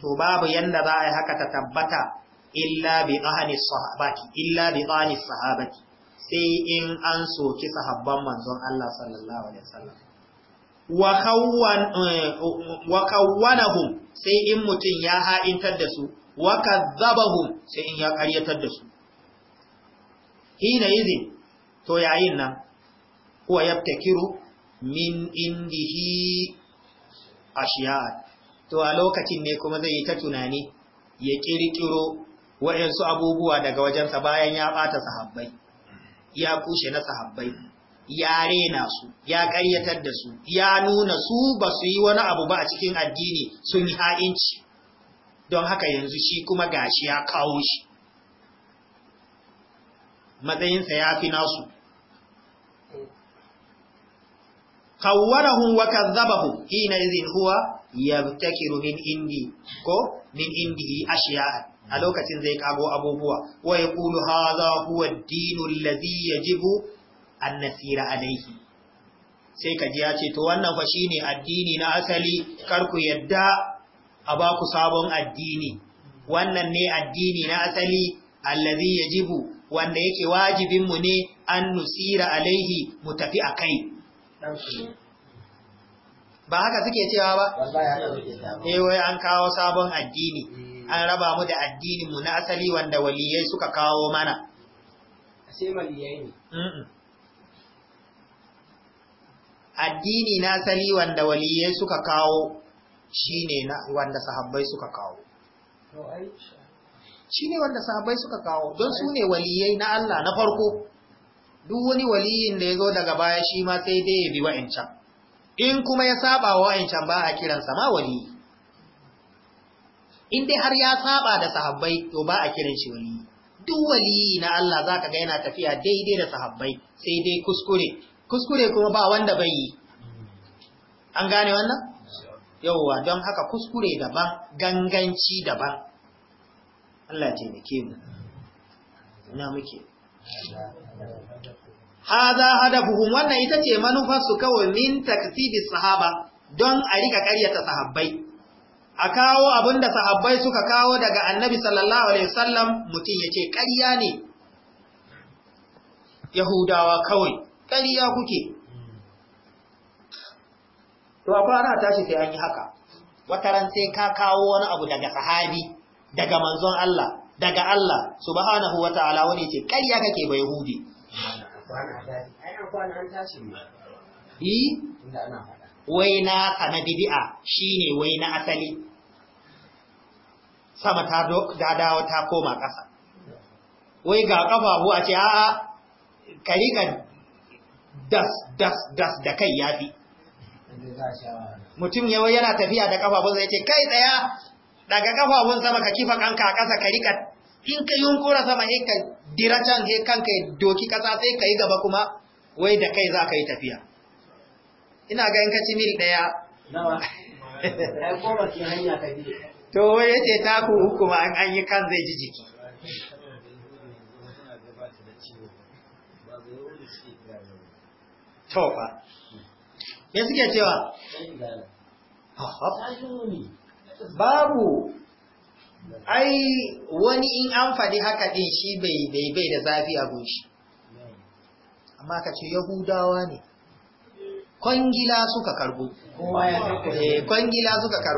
to babu yanda za a yi haka ta tabbata illa bi tsahani sahabati illa bi tsahani sahabati sai in an soki sahabban manzon Allah sallallahu alaihi wasallam wa kawwanahum eh, sai in mutum ya ha'intar da su wa kadzabahum sai in ya ƙaryatar da su hina izin to yayin nan huwa yaftakiru min indihi ashiya to a lokacin ne kuma zai yi ta tunani ya kirkiro waɗansu abubuwa daga wajensa bayan ya ɓata sahabbai ya kushe na sahabbai ya rena su ya ƙaryatar da su ya nuna su ba su yi wani abu ba a cikin addini sun yi ha'inci don haka yanzu shi kuma gashi ya kawo shi matsayinsa ya fi nasu kawwarahun wa kadzabahu hina izin huwa yabtakiru min indi ko min indihi ashiya a lokacin zai kago abubuwa wa yaqulu hadha huwa ad-dinu alladhi yajibu an nasira alaihi sai kaji ya ce to wannan fa shine addini na asali kar ku yadda a ba ku sabon addini wannan ne addini na asali allazi yajibu wanda yake wajibin mu ne an nusira alaihi mu tafi akai ba haka suke cewa ba eh wai an kawo sabon addini an raba mu da addinin mu na asali wanda waliyai suka kawo mana sai maliyai ne addini na sali wanda waliyai suka kawo shi ne wanda sahabbai suka kawo ne wanda sahabbai suka kawo don su ne waliyai na Allah na farko duk wani waliyin da ya zo daga baya shi ma sai dai ya bi wa'incan, in kuma ya saba wa ba a kiransa ma waliyi in dai har ya saba da sahabbai to ba a kiran shi waliyi duk waliyi na Allah ka ga yana tafiya daidai da sahabbai sai dai kuskure kuskure kuma ba wanda bai yi an gane wannan yauwa don haka kuskure daban ganganci daban Allah ya taimake mu ina muke hada hadafuhum wannan ita ce manufarsu kawai min taksibi sahaba don a rika karyata sahabbai a kawo abinda sahabbai suka kawo daga annabi sallallahu alaihi wasallam mutum yace ƙarya ne yahudawa kawai ƙariya kuke to akwai ana tashi sai an yi haka wataran sai ka kawo wani abu daga sahabi daga manzon Allah daga Allah subhanahu wata'ala wani ce ƙarya kake bai hudi wai na ka na shine wai na asali sama ta dawo ta koma ƙasa wai ga ƙafafu a ce a'a ka das das das da kai yafi mutum yawa yana tafiya da kafafun sai ce kai tsaya daga kafafun sama ka kifa kanka a ƙasa ka rika in ka yunkura sama sai ka dira can sai kanka doki ƙasa sai ka yi gaba kuma wai da kai za ka yi tafiya ina ga in ka ci mil ɗaya to wai yace taku hukuma an yi kan zai ji jiki tofa me suke cewa babu ai wani in an faɗi haka ɗin shi bai bai da zafi a goshi amma ka ce yahudawa ne kwangila suka karbo eh, suka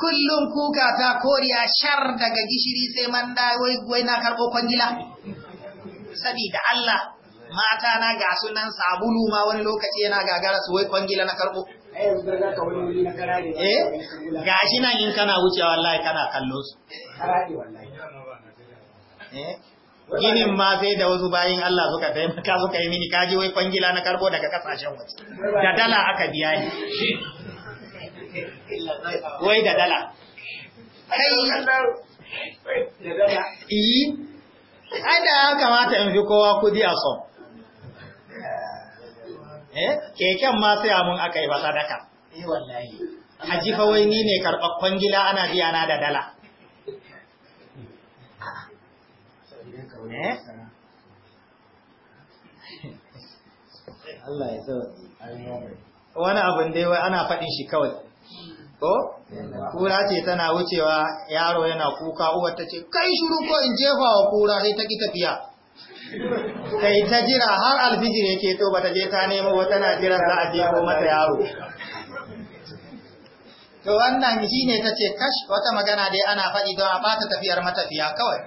kullum kuka ta koriya shar daga gishiri sai man da wai na karbo kwangila da Allah mata na ga sunan sabulu ma wani lokaci yana gagara su wai kwangila na karbo eh, eh ga shi nan in kana wuce wallahi kana kallo su eh, ginin ma sai da wasu bayin Allah suka taimaka suka yi mini kaji wai kwangila na karbo daga kasashen waje da dala aka biya ni wai da dala kai eh, da ya ai da kamata in fi kowa kudi a son Eh? keken ma sai mun aka yi ba sadaka eh wallahi haji fa ni ne karɓaɓɓen gila ana biya na da dala eh? Allah ya wani abin da wai ana faɗin shi kawai ko kura ce tana wucewa yaro yana kuka uwar ta ce kai shuru ko in jefa wa kura sai ta ƙi tafiya kai ta jira har alfijir yake to bata je ta nemo wata na jira za a jefo mata yaro to wannan shi ne ta ce kash wata magana dai ana faɗi don a bata tafiyar matafiya kawai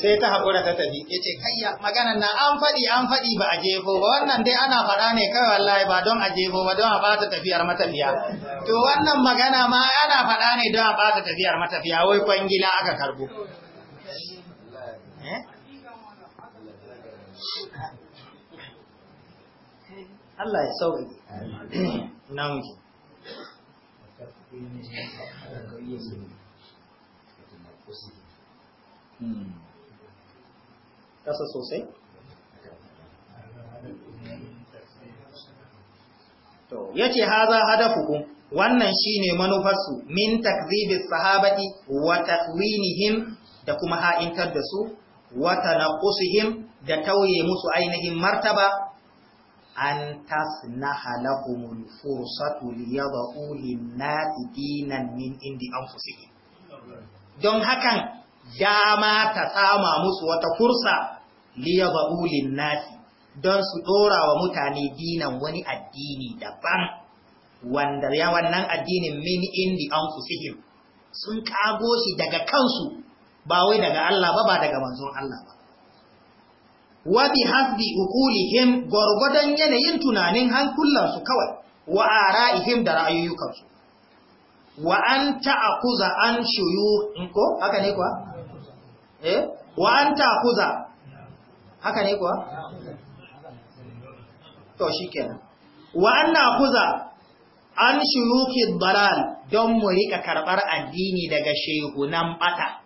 sai ta haƙura ta tafi ya ce kayya magana na an faɗi an faɗi ba a jefo ba wannan dai ana faɗa ne kawai wallahi ba don a jefo ba don a bata tafiyar matafiya to wannan magana ma ana faɗa ne don a bata tafiyar matafiya wai kwangila aka karbo Allah ya sauƙi nan kasa sosai to yace haza hadafukum wannan shine manufarsu min takzibis sahabati wa taqwinihim da kuma ha'intar da su na tanaqusihim da tauye musu ainihin martaba an tasnaha lahumul fursatu liyad'u lin dinan min indi anfusih don hakan dama ta sama musu wata fursa liyad'u lin nati, don su dora wa mutane dinan wani addini daban wanda ya wannan addinin min indi anfusih sun kago shi daga kansu ba wai daga Allah ba ba daga manzon Allah ba wa bi hasbi uqulihim gurgudan yanayin tunanin hankulansu kawai wa ara'ihim da ra'ayoyinsu wa anta ta'khuza an shuyu ko haka ne kuwa eh wa anta ta'khuza haka ne kuwa to shikenan wa anna na'khuza an shuyukh dalal don mu rika karbar addini daga shehunan bata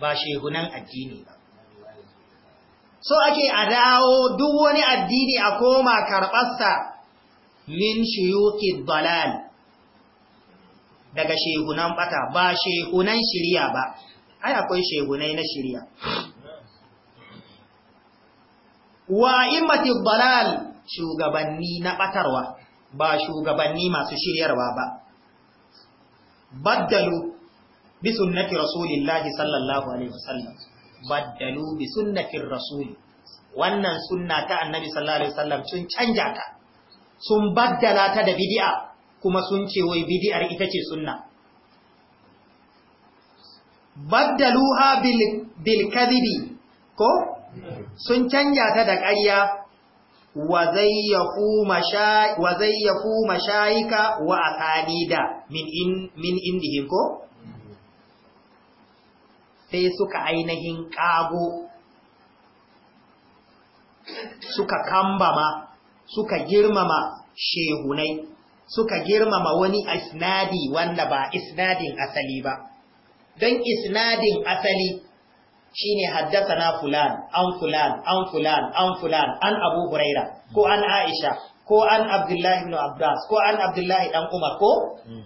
ba shehunan addini ba so ake a dawo duk wani addini a koma karɓarsa min shiyuki dalal daga shehunan bata ba shehunan shirya ba ai akwai shehunai na shirya wa imati dalal shugabanni na batarwa ba shugabanni masu shiryarwa ba baddalu bi sunnati rasulillahi sallallahu alaihi wasallam baddalu bi sunnatir rasul wannan sunna ta annabi sallallahu alaihi wasallam sun canja ta sun baddala ta da bid'a kuma sun ce wai bid'ar ita ce sunna baddaluha bil bil kadhibi ko sun canja ta da ƙarya wa zayyafu mashayi wa zayyafu mashayika wa aqalida min in min indihim ko sai suka ainihin ƙago suka kambama suka girmama shehunai suka girmama wani isnadi wanda ba isnadin asali ba don isnadin asali shine haddasa na fulan an fulan an fulan an fulan an abu huraira ko an aisha ko an abdullahi ibn abbas ko an abdullahi dan umar ko hmm.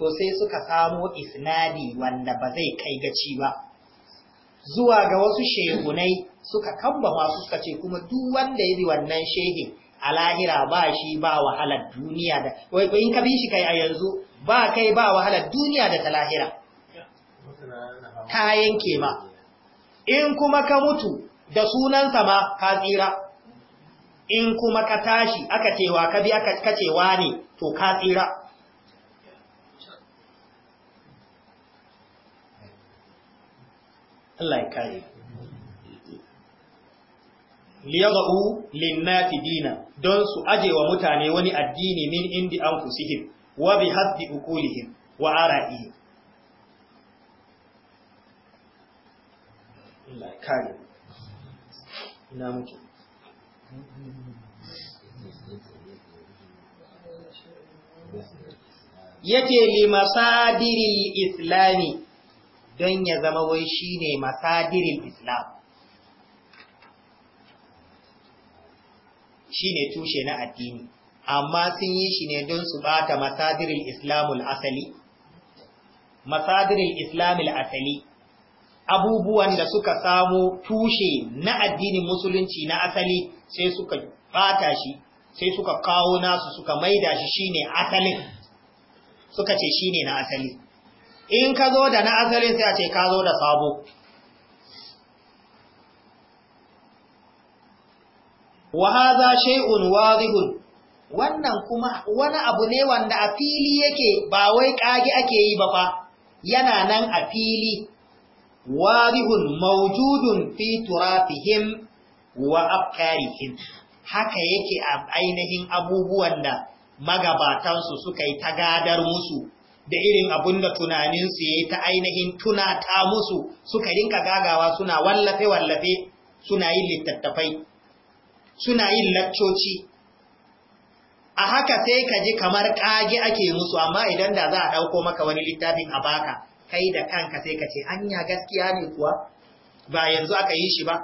to sai suka samo isnadi wanda ba zai kai gaci ba zuwa ga wasu shehunai suka kamba masu suka ce kuma duk wanda ya bi wannan shehin a lahira ba shi ba wahalar duniya da wai in ka bi shi kai a yanzu ba kai ba wahalar duniya da ta lahira ta yanke ma in kuma ka mutu da sunansa ma ka tsira in kuma ka tashi aka cewa ka bi aka kacewa ne to ka tsira Allah ya kare liyadau linnati dina don su aje wa mutane wani addini min indi an anfusihim wa bi haddi uqulihim wa ara'i Allah ya kare ina muke yace limasadiril islami don ya zama wai shi ne masadirin islam shi ne tushe na addini amma sun yi shi ne don su bata masadirin islamul asali masadirin islamul asali abubuwan da suka samu tushe na addinin musulunci na asali sai suka bata shi sai suka kawo nasu suka maida shi shi ne asalin suka ce shi ne na asali in ka zo da na asalin sai a ce ka zo da sabo wa hadha shay'un wadihun wannan kuma wani abu ne wanda a fili yake ba wai kage ake yi ba fa yana nan a fili wazihun mawjudun fi turafihim wa afkarihim haka yake a ainihin abubuwan da magabatansu suka yi gadar musu da irin abun da tunaninsu ya yi ta ainihin tunata musu suka rinka gagawa suna wallafe-wallafe suna yin littattafai suna yin laccoci a haka sai ka ji kamar kage ake musu amma idan da za a ɗauko maka wani littafin a baka kai da kanka sai ka ce anya gaskiya ne kuwa ba yanzu aka yi shi ba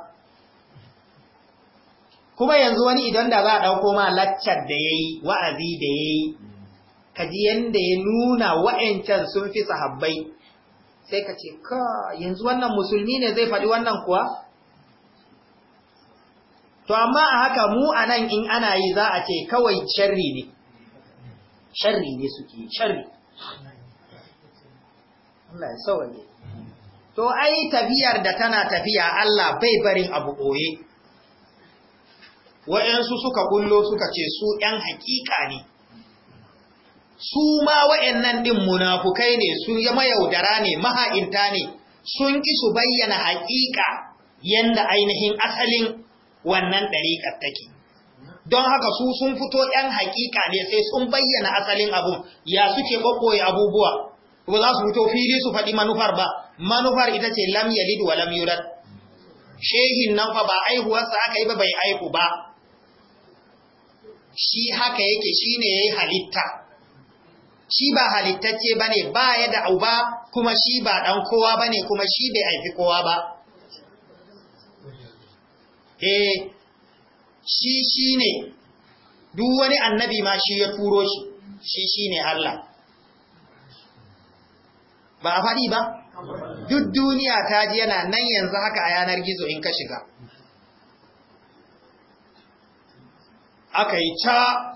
kuma yanzu wani idan da za a ɗauko ma laccar da ya yi wa'azi da ya yi kaji ji yanda ya nuna wa'ancan sun fi sahabbai sai ka ce ka yanzu wannan musulmi ne zai faɗi wannan kuwa to amma a haka mu a nan in ana yi za a ce kawai sharri ne sharri ne suke sharri Allah ya ne. to ai tafiyar da tana tafiya Allah bai barin abu ɓoye wa'yansu suka kullo suka ce su ‘yan haƙiƙa ne’ su ma wa'yannan ɗin munafukai ne sun yi mayaudara ne maha'inta ne sun ƙi su bayyana haƙiƙa yadda ainihin asalin wannan ɗariƙar take don haka su sun fito ‘yan haƙiƙa ne sai sun bayyana asalin abu ya suke ɓaɓɓoye abubuwa ba za su fito fili su faɗi manufar ba manufar ita ce lam yalid wa lam yurad shehin nan fa ba aihuwarsa aka yi ba bai aihu ba shi haka yake ya yi halitta shi ba halittacce ba ne ba ya da uba kuma shi ba ɗan kowa ba ne kuma shi bai haifi kowa ba eh shi shi ne duk wani annabi ma shi ya turo shi shi shi ne Allah ba a faɗi ba duk duniya ta ji yana nan yanzu haka a yanar gizo in ka shiga aka yi ta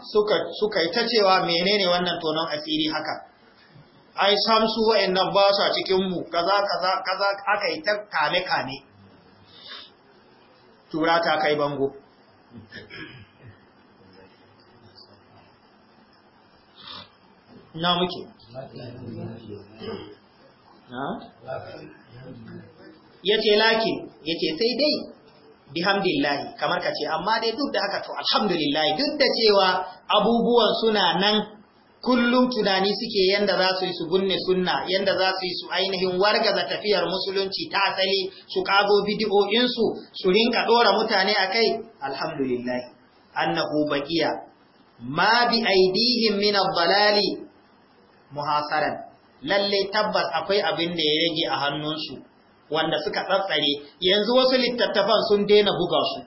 suka yi ta cewa menene wannan tonon asiri haka ai samsu wa'annan ba su a cikinmu kaza kaza kaza aka yi ta kame kame tura ta kai bango na muke ya ce laki ya ce sai dai bihamdillahi kamar ka ce amma dai duk da haka to alhamdulillahi duk da cewa abubuwan suna nan kullum tunani suke yanda za su yi su gunne sunna yanda za su yi su ainihin wargaza tafiyar musulunci ta asali su kago bidiyoyinsu su rinka ɗora mutane a kai alhamdulillahi annahu baqiya ma bi aidihim min ad-dalali muhasaran lalle tabbas akwai abin da ya rage a hannunsu wanda suka tsatsare yanzu wasu littattafan sun daina buga su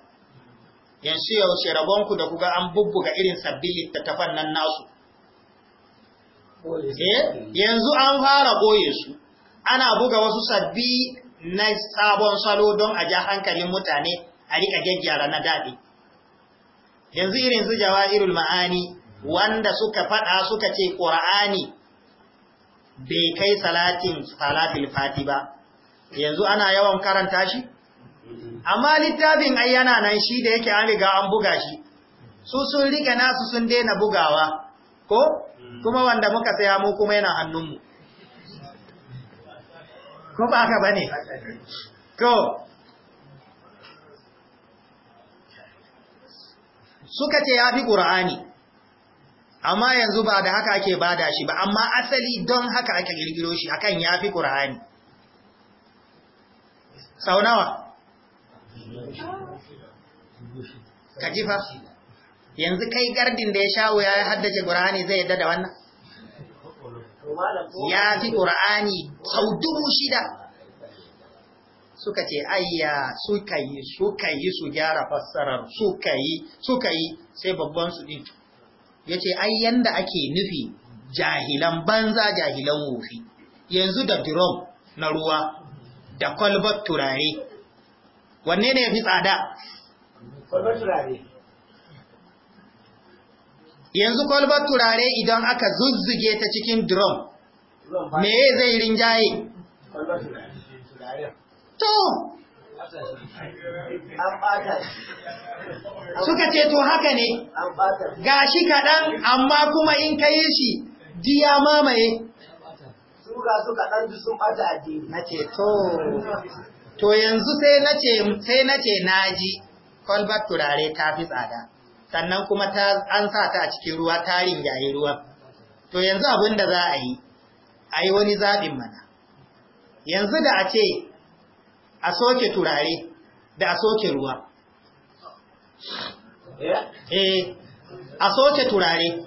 yanzu yaushe rabonku da kuga an bubbuga irin sabbin littattafan nan nasu eh, yanzu an fara ɓoye su ana buga wasu sabbi na sabon salo don a ja hankalin mutane a rika gyaggyara na daɗi yanzu irin su irin ma'ani wanda suka faɗa suka ce ƙura'ani bai kai salatin salatul fati ba yanzu ana yawan karanta shi amma littafin ai yana nan shi da yake an riga an buga shi su sun rike nasu sun daina bugawa ko kuma wanda muka saya mu kuma yana hannunmu ko ba haka bane ko suka ce ya fi ƙura'ani amma yanzu ba da haka ake bada shi ba amma asali don haka ake ƙirƙiro shi akan ya fi ƙura'ani sau nawa ka jifa yanzu kai gardin da ya sha wuya ya haddace ƙur'ani zai yadda da wannan ya fi ƙur'ani sau dubu shida suka ce ayya suka yi suka yi su gyara fassarar suka yi suka yi sai babban su ɗin ya ce yanda yanda ake nufi jahilan banza jahilan wofi yanzu da drum na ruwa da kwalbar turare wanne ne ya fi tsada kwalbar turare yanzu kwalbar turare idan aka zuzzuge ta cikin drum me zai rinjaye to suka ce to haka ne gashi kaɗan amma kuma in ka yi shi diya mamaye suka suka ɗan ji sun ɓata addini. Na ce, to, to yanzu sai na ce, sai na ce na ji kwalbar turare ta fi tsada, sannan kuma ta an sa ta a cikin ruwa tarin yayi ruwa. To yanzu abin da za a yi, a yi wani zaɓin mana. Yanzu da a ce, a soke turare, da a soke ruwa. Eh, eh a soke turare.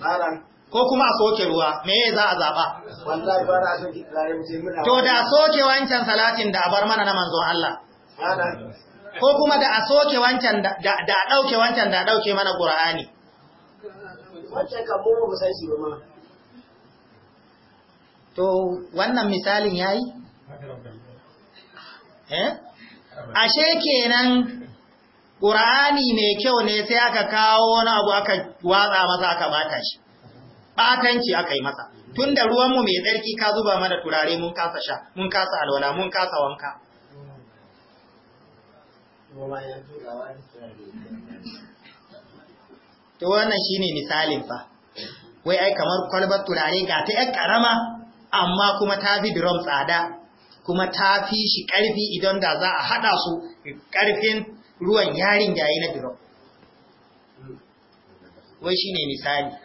Baran. ko kuma a soke ruwa me za a zaba to da soke wancan salatin da a bar mana na manzon Allah ko kuma da a soke wancan da da dauke wancan da dauke mana Qur'ani wancan ka mu ba sai shi ba to wannan misalin yayi eh ashe kenan Ƙur'ani mai kyau ne sai aka kawo wani abu aka watsa masa aka bata shi. batanci aka yi masa tunda da ruwanmu mai tsarki ka zuba mana turare mun kasa sha mun kasa alwala mun kasa wanka to wannan shine misalin fa wai ai kamar kwalbar turare ga ta yar karama amma kuma ta fi drum tsada kuma ta fi shi ƙarfi idan da za a haɗa su ƙarfin ruwan yarin yayi na drum wai shine misali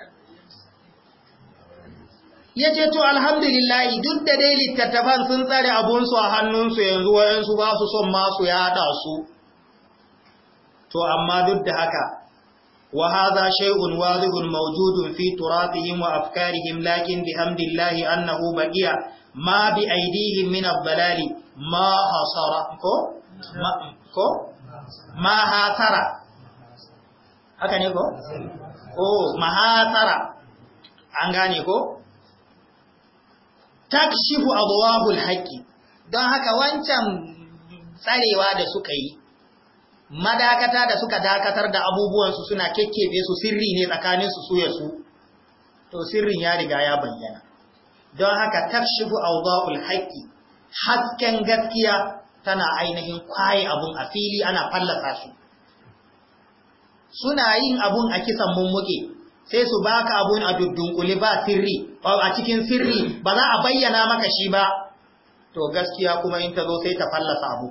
ya ce to alhamdulillahi duk da dai littattafan sun tsare abunsu a hannunsu yanzu wayansu ba su son masu yaɗa su to amma duk da haka wa hadha shay'un wadihun mawjudun fi turatihim wa afkarihim lakin bihamdillahi annahu baqiya ma bi aidihim min ad-dalali ma hasara ko ma ko ma hasara haka ne ko oh ma hasara an gane ko takshifu abwabul haqqi don haka wancan tsarewa da suka yi madakata da suka dakatar da abubuwansu suna kekkebe su sirri ne tsakanin su suya su to sirrin ya riga ya bayyana don haka takshifu awda'ul haqqi hasken gaskiya tana ainihin kwaye abun a fili ana fallasa su, suna yin abun a kisan mummuke sai su baka abun a dudunkuli ba sirri a cikin sirri ba za a bayyana maka shi ba to gaskiya kuma in ta zo sai ta fallasa abu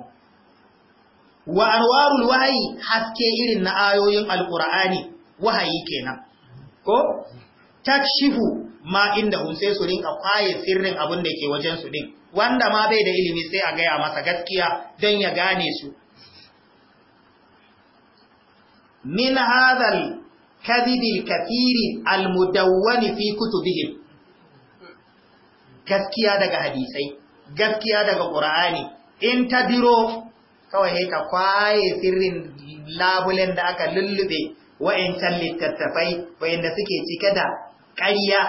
wa arwarul wahayi haske irin na ayoyin alqur'ani wahayi kenan ko takshifu ma inda hun sai su rinka kwaye sirrin abun da ke wajen su din wanda ma bai da ilimi sai a gaya masa gaskiya don ya gane su min hadal kadhibil kathiri almudawwani fi kutubihim gaskiya daga hadisai gaskiya daga qur'ani in ta biro kawai sai ka kwaye sirrin labulen da aka lullube wa'ancan littattafai wa'anda suke cike da ƙarya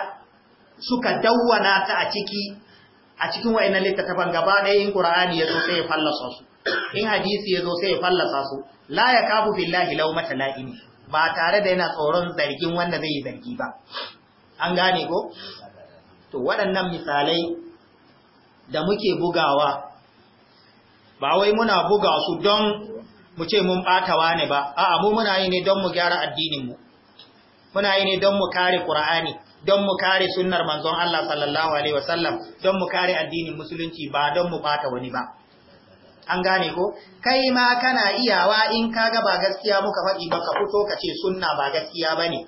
suka dawwana ta a ciki a cikin wa'annan littattafan gaba ɗaya in qur'ani ya zo sai ya fallasa su in hadisi ya zo sai ya fallasa su la ya kafu billahi law matala'ini ba tare da yana tsoron zargin wanda zai yi zargi ba an gane ko to waɗannan misalai da muke bugawa ba wai muna buga su don mu ce mun ɓatawa ne ba a'a mu muna yi ne don mu gyara addininmu muna yi ne don mu kare Kur'ani, don mu kare sunnar manzon Allah sallallahu alaihi wasallam don mu kare addinin musulunci ba don mu ɓata wani ba an gane ko kai ma kana iyawa in kaga ba gaskiya muka faɗi ba ka fito ka ce sunna ba gaskiya bane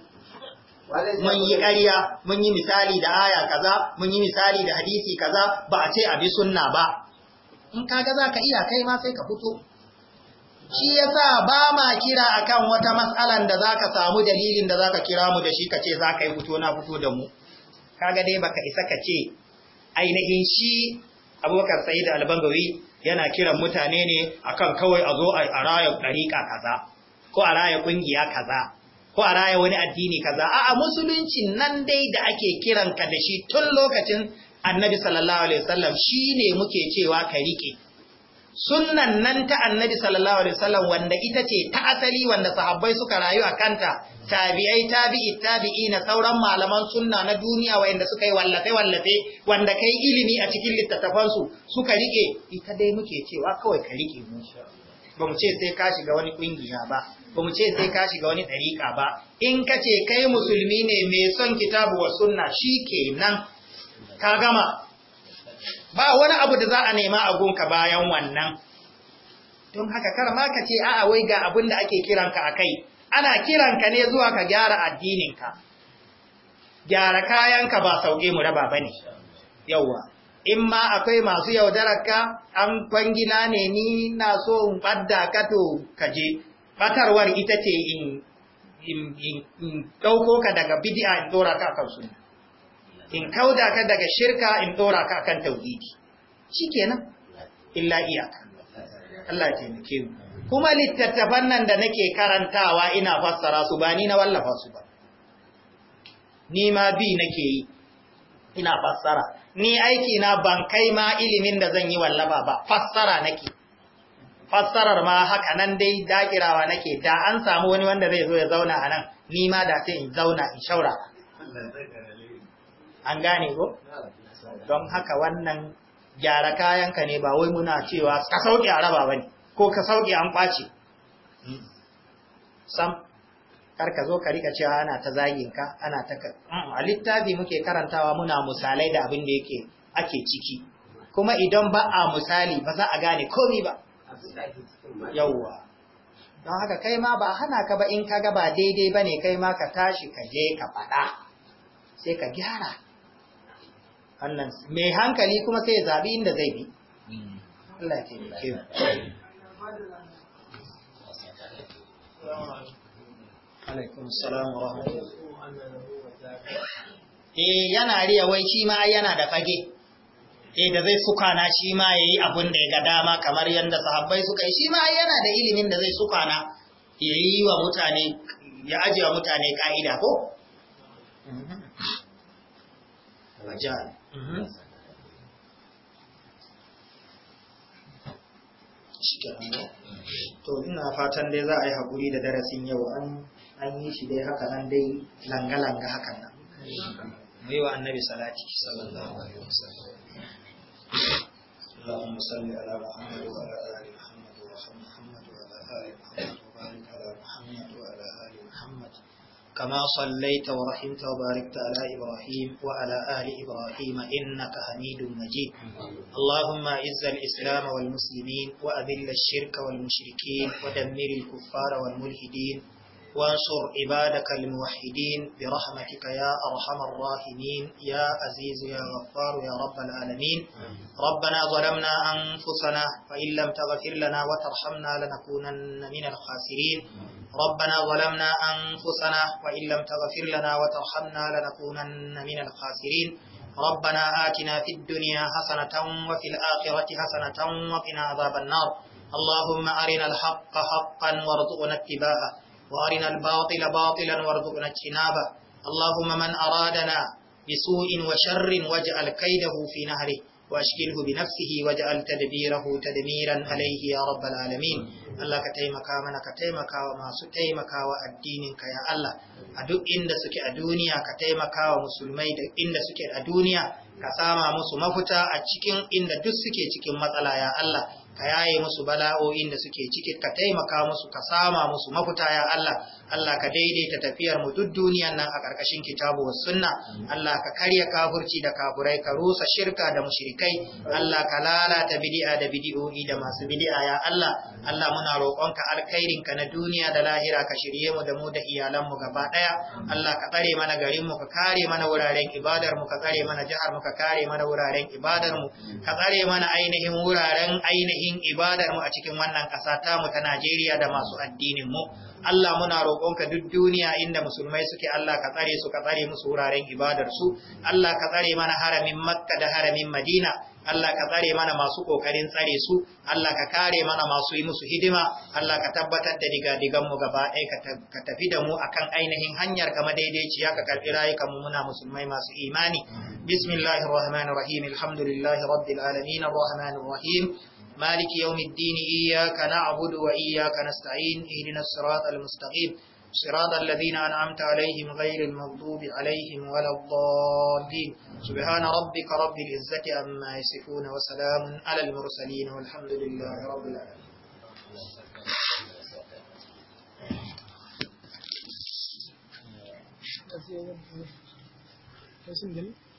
mun yi ƙarya mun yi misali da aya kaza mun yi misali da hadisi kaza ba a ce abi sunna ba in kaga ka iya kai ma sai ka fito shi yasa ba ma kira akan wata matsalan da zaka samu dalilin da zaka kira mu da shi ka za zaka yi fito na fito da mu kaga dai baka isa ka ce ainihin shi Abubakar Sa'id Al-Bangawi yana kiran mutane ne akan kawai a zo a raya ɗariƙa kaza ko a raya ƙungiya kaza ko a raya wani addini kaza a a musulunci nan dai da ake kiran ka da shi tun lokacin annabi sallallahu alaihi wasallam shine muke cewa ka riƙe Sunan nan ta annabi sallallahu alaihi wasallam wanda ita ce ta asali wanda sahabbai suka rayu a kanta tabi'ai tabi'i tabi'i na sauran malaman sunna na duniya wanda suka yi wallafe wallafe wanda kai ilimi a cikin littattafan su suka rike ita dai muke cewa kawai ka rike mu ba mu ce sai ka shiga wani kungiya ba ba mu ce sai ka shiga wani dariƙa ba in ka ce kai musulmi ne mai son kitabu wa sunna shikenan ka gama ba wani abu da za a nema a gunka bayan wannan don haka kar ma ka ce a'a wai ga abin da ake kiranka kai. ana kiranka ne zuwa ka gyara addininka gyara kayanka ba sauke mu raba ba ne. Yauwa, in ma akwai masu yaudarar ka, an kwangina ne ni na so in ɓadda ka to kaje Ɓatarwar ita ce in ɗauko ka daga bidi'a in dora ka kan suna in kauda ka daga shirka in dora ka kan tauhidi shikenan illa iyaka Allah ya taimake mu kuma littattafan nan da nake karantawa ina fassara su ba ni na wallafa su ba ni ma bi nake yi ina fassara ni aiki na ban kai ma ilimin da zan yi wallafa ba fassara nake fassarar ma haka nan dai dakirawa nake da an samu wani wanda zai zo ya zauna a nan ni ma da sai in zauna in shaura an gane ko don haka wannan gyara kayanka ne ba wai muna cewa ka sauki a raba bane ko ka sauki an kwace sam kar ka zo ka rika cewa ana ta zagin ana ta mm, a littafi muke karantawa muna misalai da abin da yake ake ciki kuma idan ba a misali ba za a gane komai ba yawwa don haka kai ma ba hana ka ba in kaga ba daidai bane kai ma ka tashi ka je ka faɗa sai ka gyara Allah mai hankali kuma sai ya zaɓi inda zai bi Allah ya taimake mu alaikum wa eh yana riya wai shi ma yana da fage eh da zai sukana shi ma ya yi abun da ya ga dama kamar yadda sahabbai suka yi shi ma yana da ilimin da zai sukana yi wa mutane ya ajiye wa mutane ka'ida ko Rajal. Mhm. to ina fatan dai za a yi haƙuri da darasin yau an yi shi dai haka nan dai langa-langa haka nan mu wa annabi salati sallallahu alaihi wasallam اللهم صل على محمد وعلى آل محمد كما صليت ورحمت وباركت على إبراهيم وعلى آل إبراهيم إنك حميد مجيد اللهم أعز الإسلام والمسلمين وأذل الشرك والمشركين ودمر الكفار والملحدين وانصر عبادك الموحدين برحمتك يا أرحم الراحمين يا عزيز يا غفار يا رب العالمين ربنا ظلمنا أنفسنا فإن لم تغفر لنا وترحمنا لنكونن من الخاسرين ربنا ظلمنا أنفسنا وإن لم تغفر لنا وترحمنا لنكونن من الخاسرين ربنا آتنا في الدنيا حسنة وفي الآخرة حسنة وقنا عذاب النار اللهم أرنا الحق حقا وارزقنا اتباعه وارنا الباطل باطلا وارزقنا اجتنابه اللهم من أرادنا بسوء وشر واجعل كيده في نهره واشكله بنفسه واجعل تدبيره تدميرا عليه يا رب العالمين Allah ka taimaka mana ka taimaka wa masu taimakawa addininka ya Allah a duk inda suke a duniya ka taimaka wa musulmai da inda suke a duniya ka sama musu mafuta a cikin inda duk suke cikin matsala ya Allah ka yaye musu bala'o'in da suke ciki ka taimaka musu ka sama musu mafuta ya Allah Allah ka daidaita tafiyar mu duk duniyan nan a ƙarƙashin kitabu wa sunna Allah ka karya kafurci da kafurai ka rusa shirka da mushrikai Allah ka lalata bid'a da bid'o'i da masu bid'a ya Allah Allah muna roƙonka alkhairin ka na duniya da lahira ka shirye mu da mu da iyalan mu gaba daya Allah ka tsare mana garin mu ka kare mana wuraren ibadar mu ka tsare mana jihar mu ka kare mana wuraren ibadar mu ka tsare mana ainihin wuraren ainihin ibadar mu a cikin wannan ƙasa ta mu ta Najeriya da masu addinin mu Allah muna roƙonka duk duniya inda musulmai suke Allah ka tsare su ka tsare musu wuraren ibadarsu. Allah ka tsare mana haramin Makka da haramin Madina Allah ka tsare mana masu kokarin tsare su Allah ka kare mana masu yi musu hidima Allah ka tabbatar da digadigan mu gaba ɗaya ka tafi da mu akan ainihin hanyar kama daidaiciya ka karbi rayukan mu muna musulmai masu imani bismillahir rahmanir rahim alhamdulillahi rabbil alamin arrahmanir rahim مالك يوم الدين إياك نعبد وإياك نستعين اهدنا الصراط المستقيم صراط الذين أنعمت عليهم غير المغضوب عليهم ولا الضالين سبحان ربك رب العزة أما يصفون وسلام على المرسلين والحمد لله رب العالمين Thank you.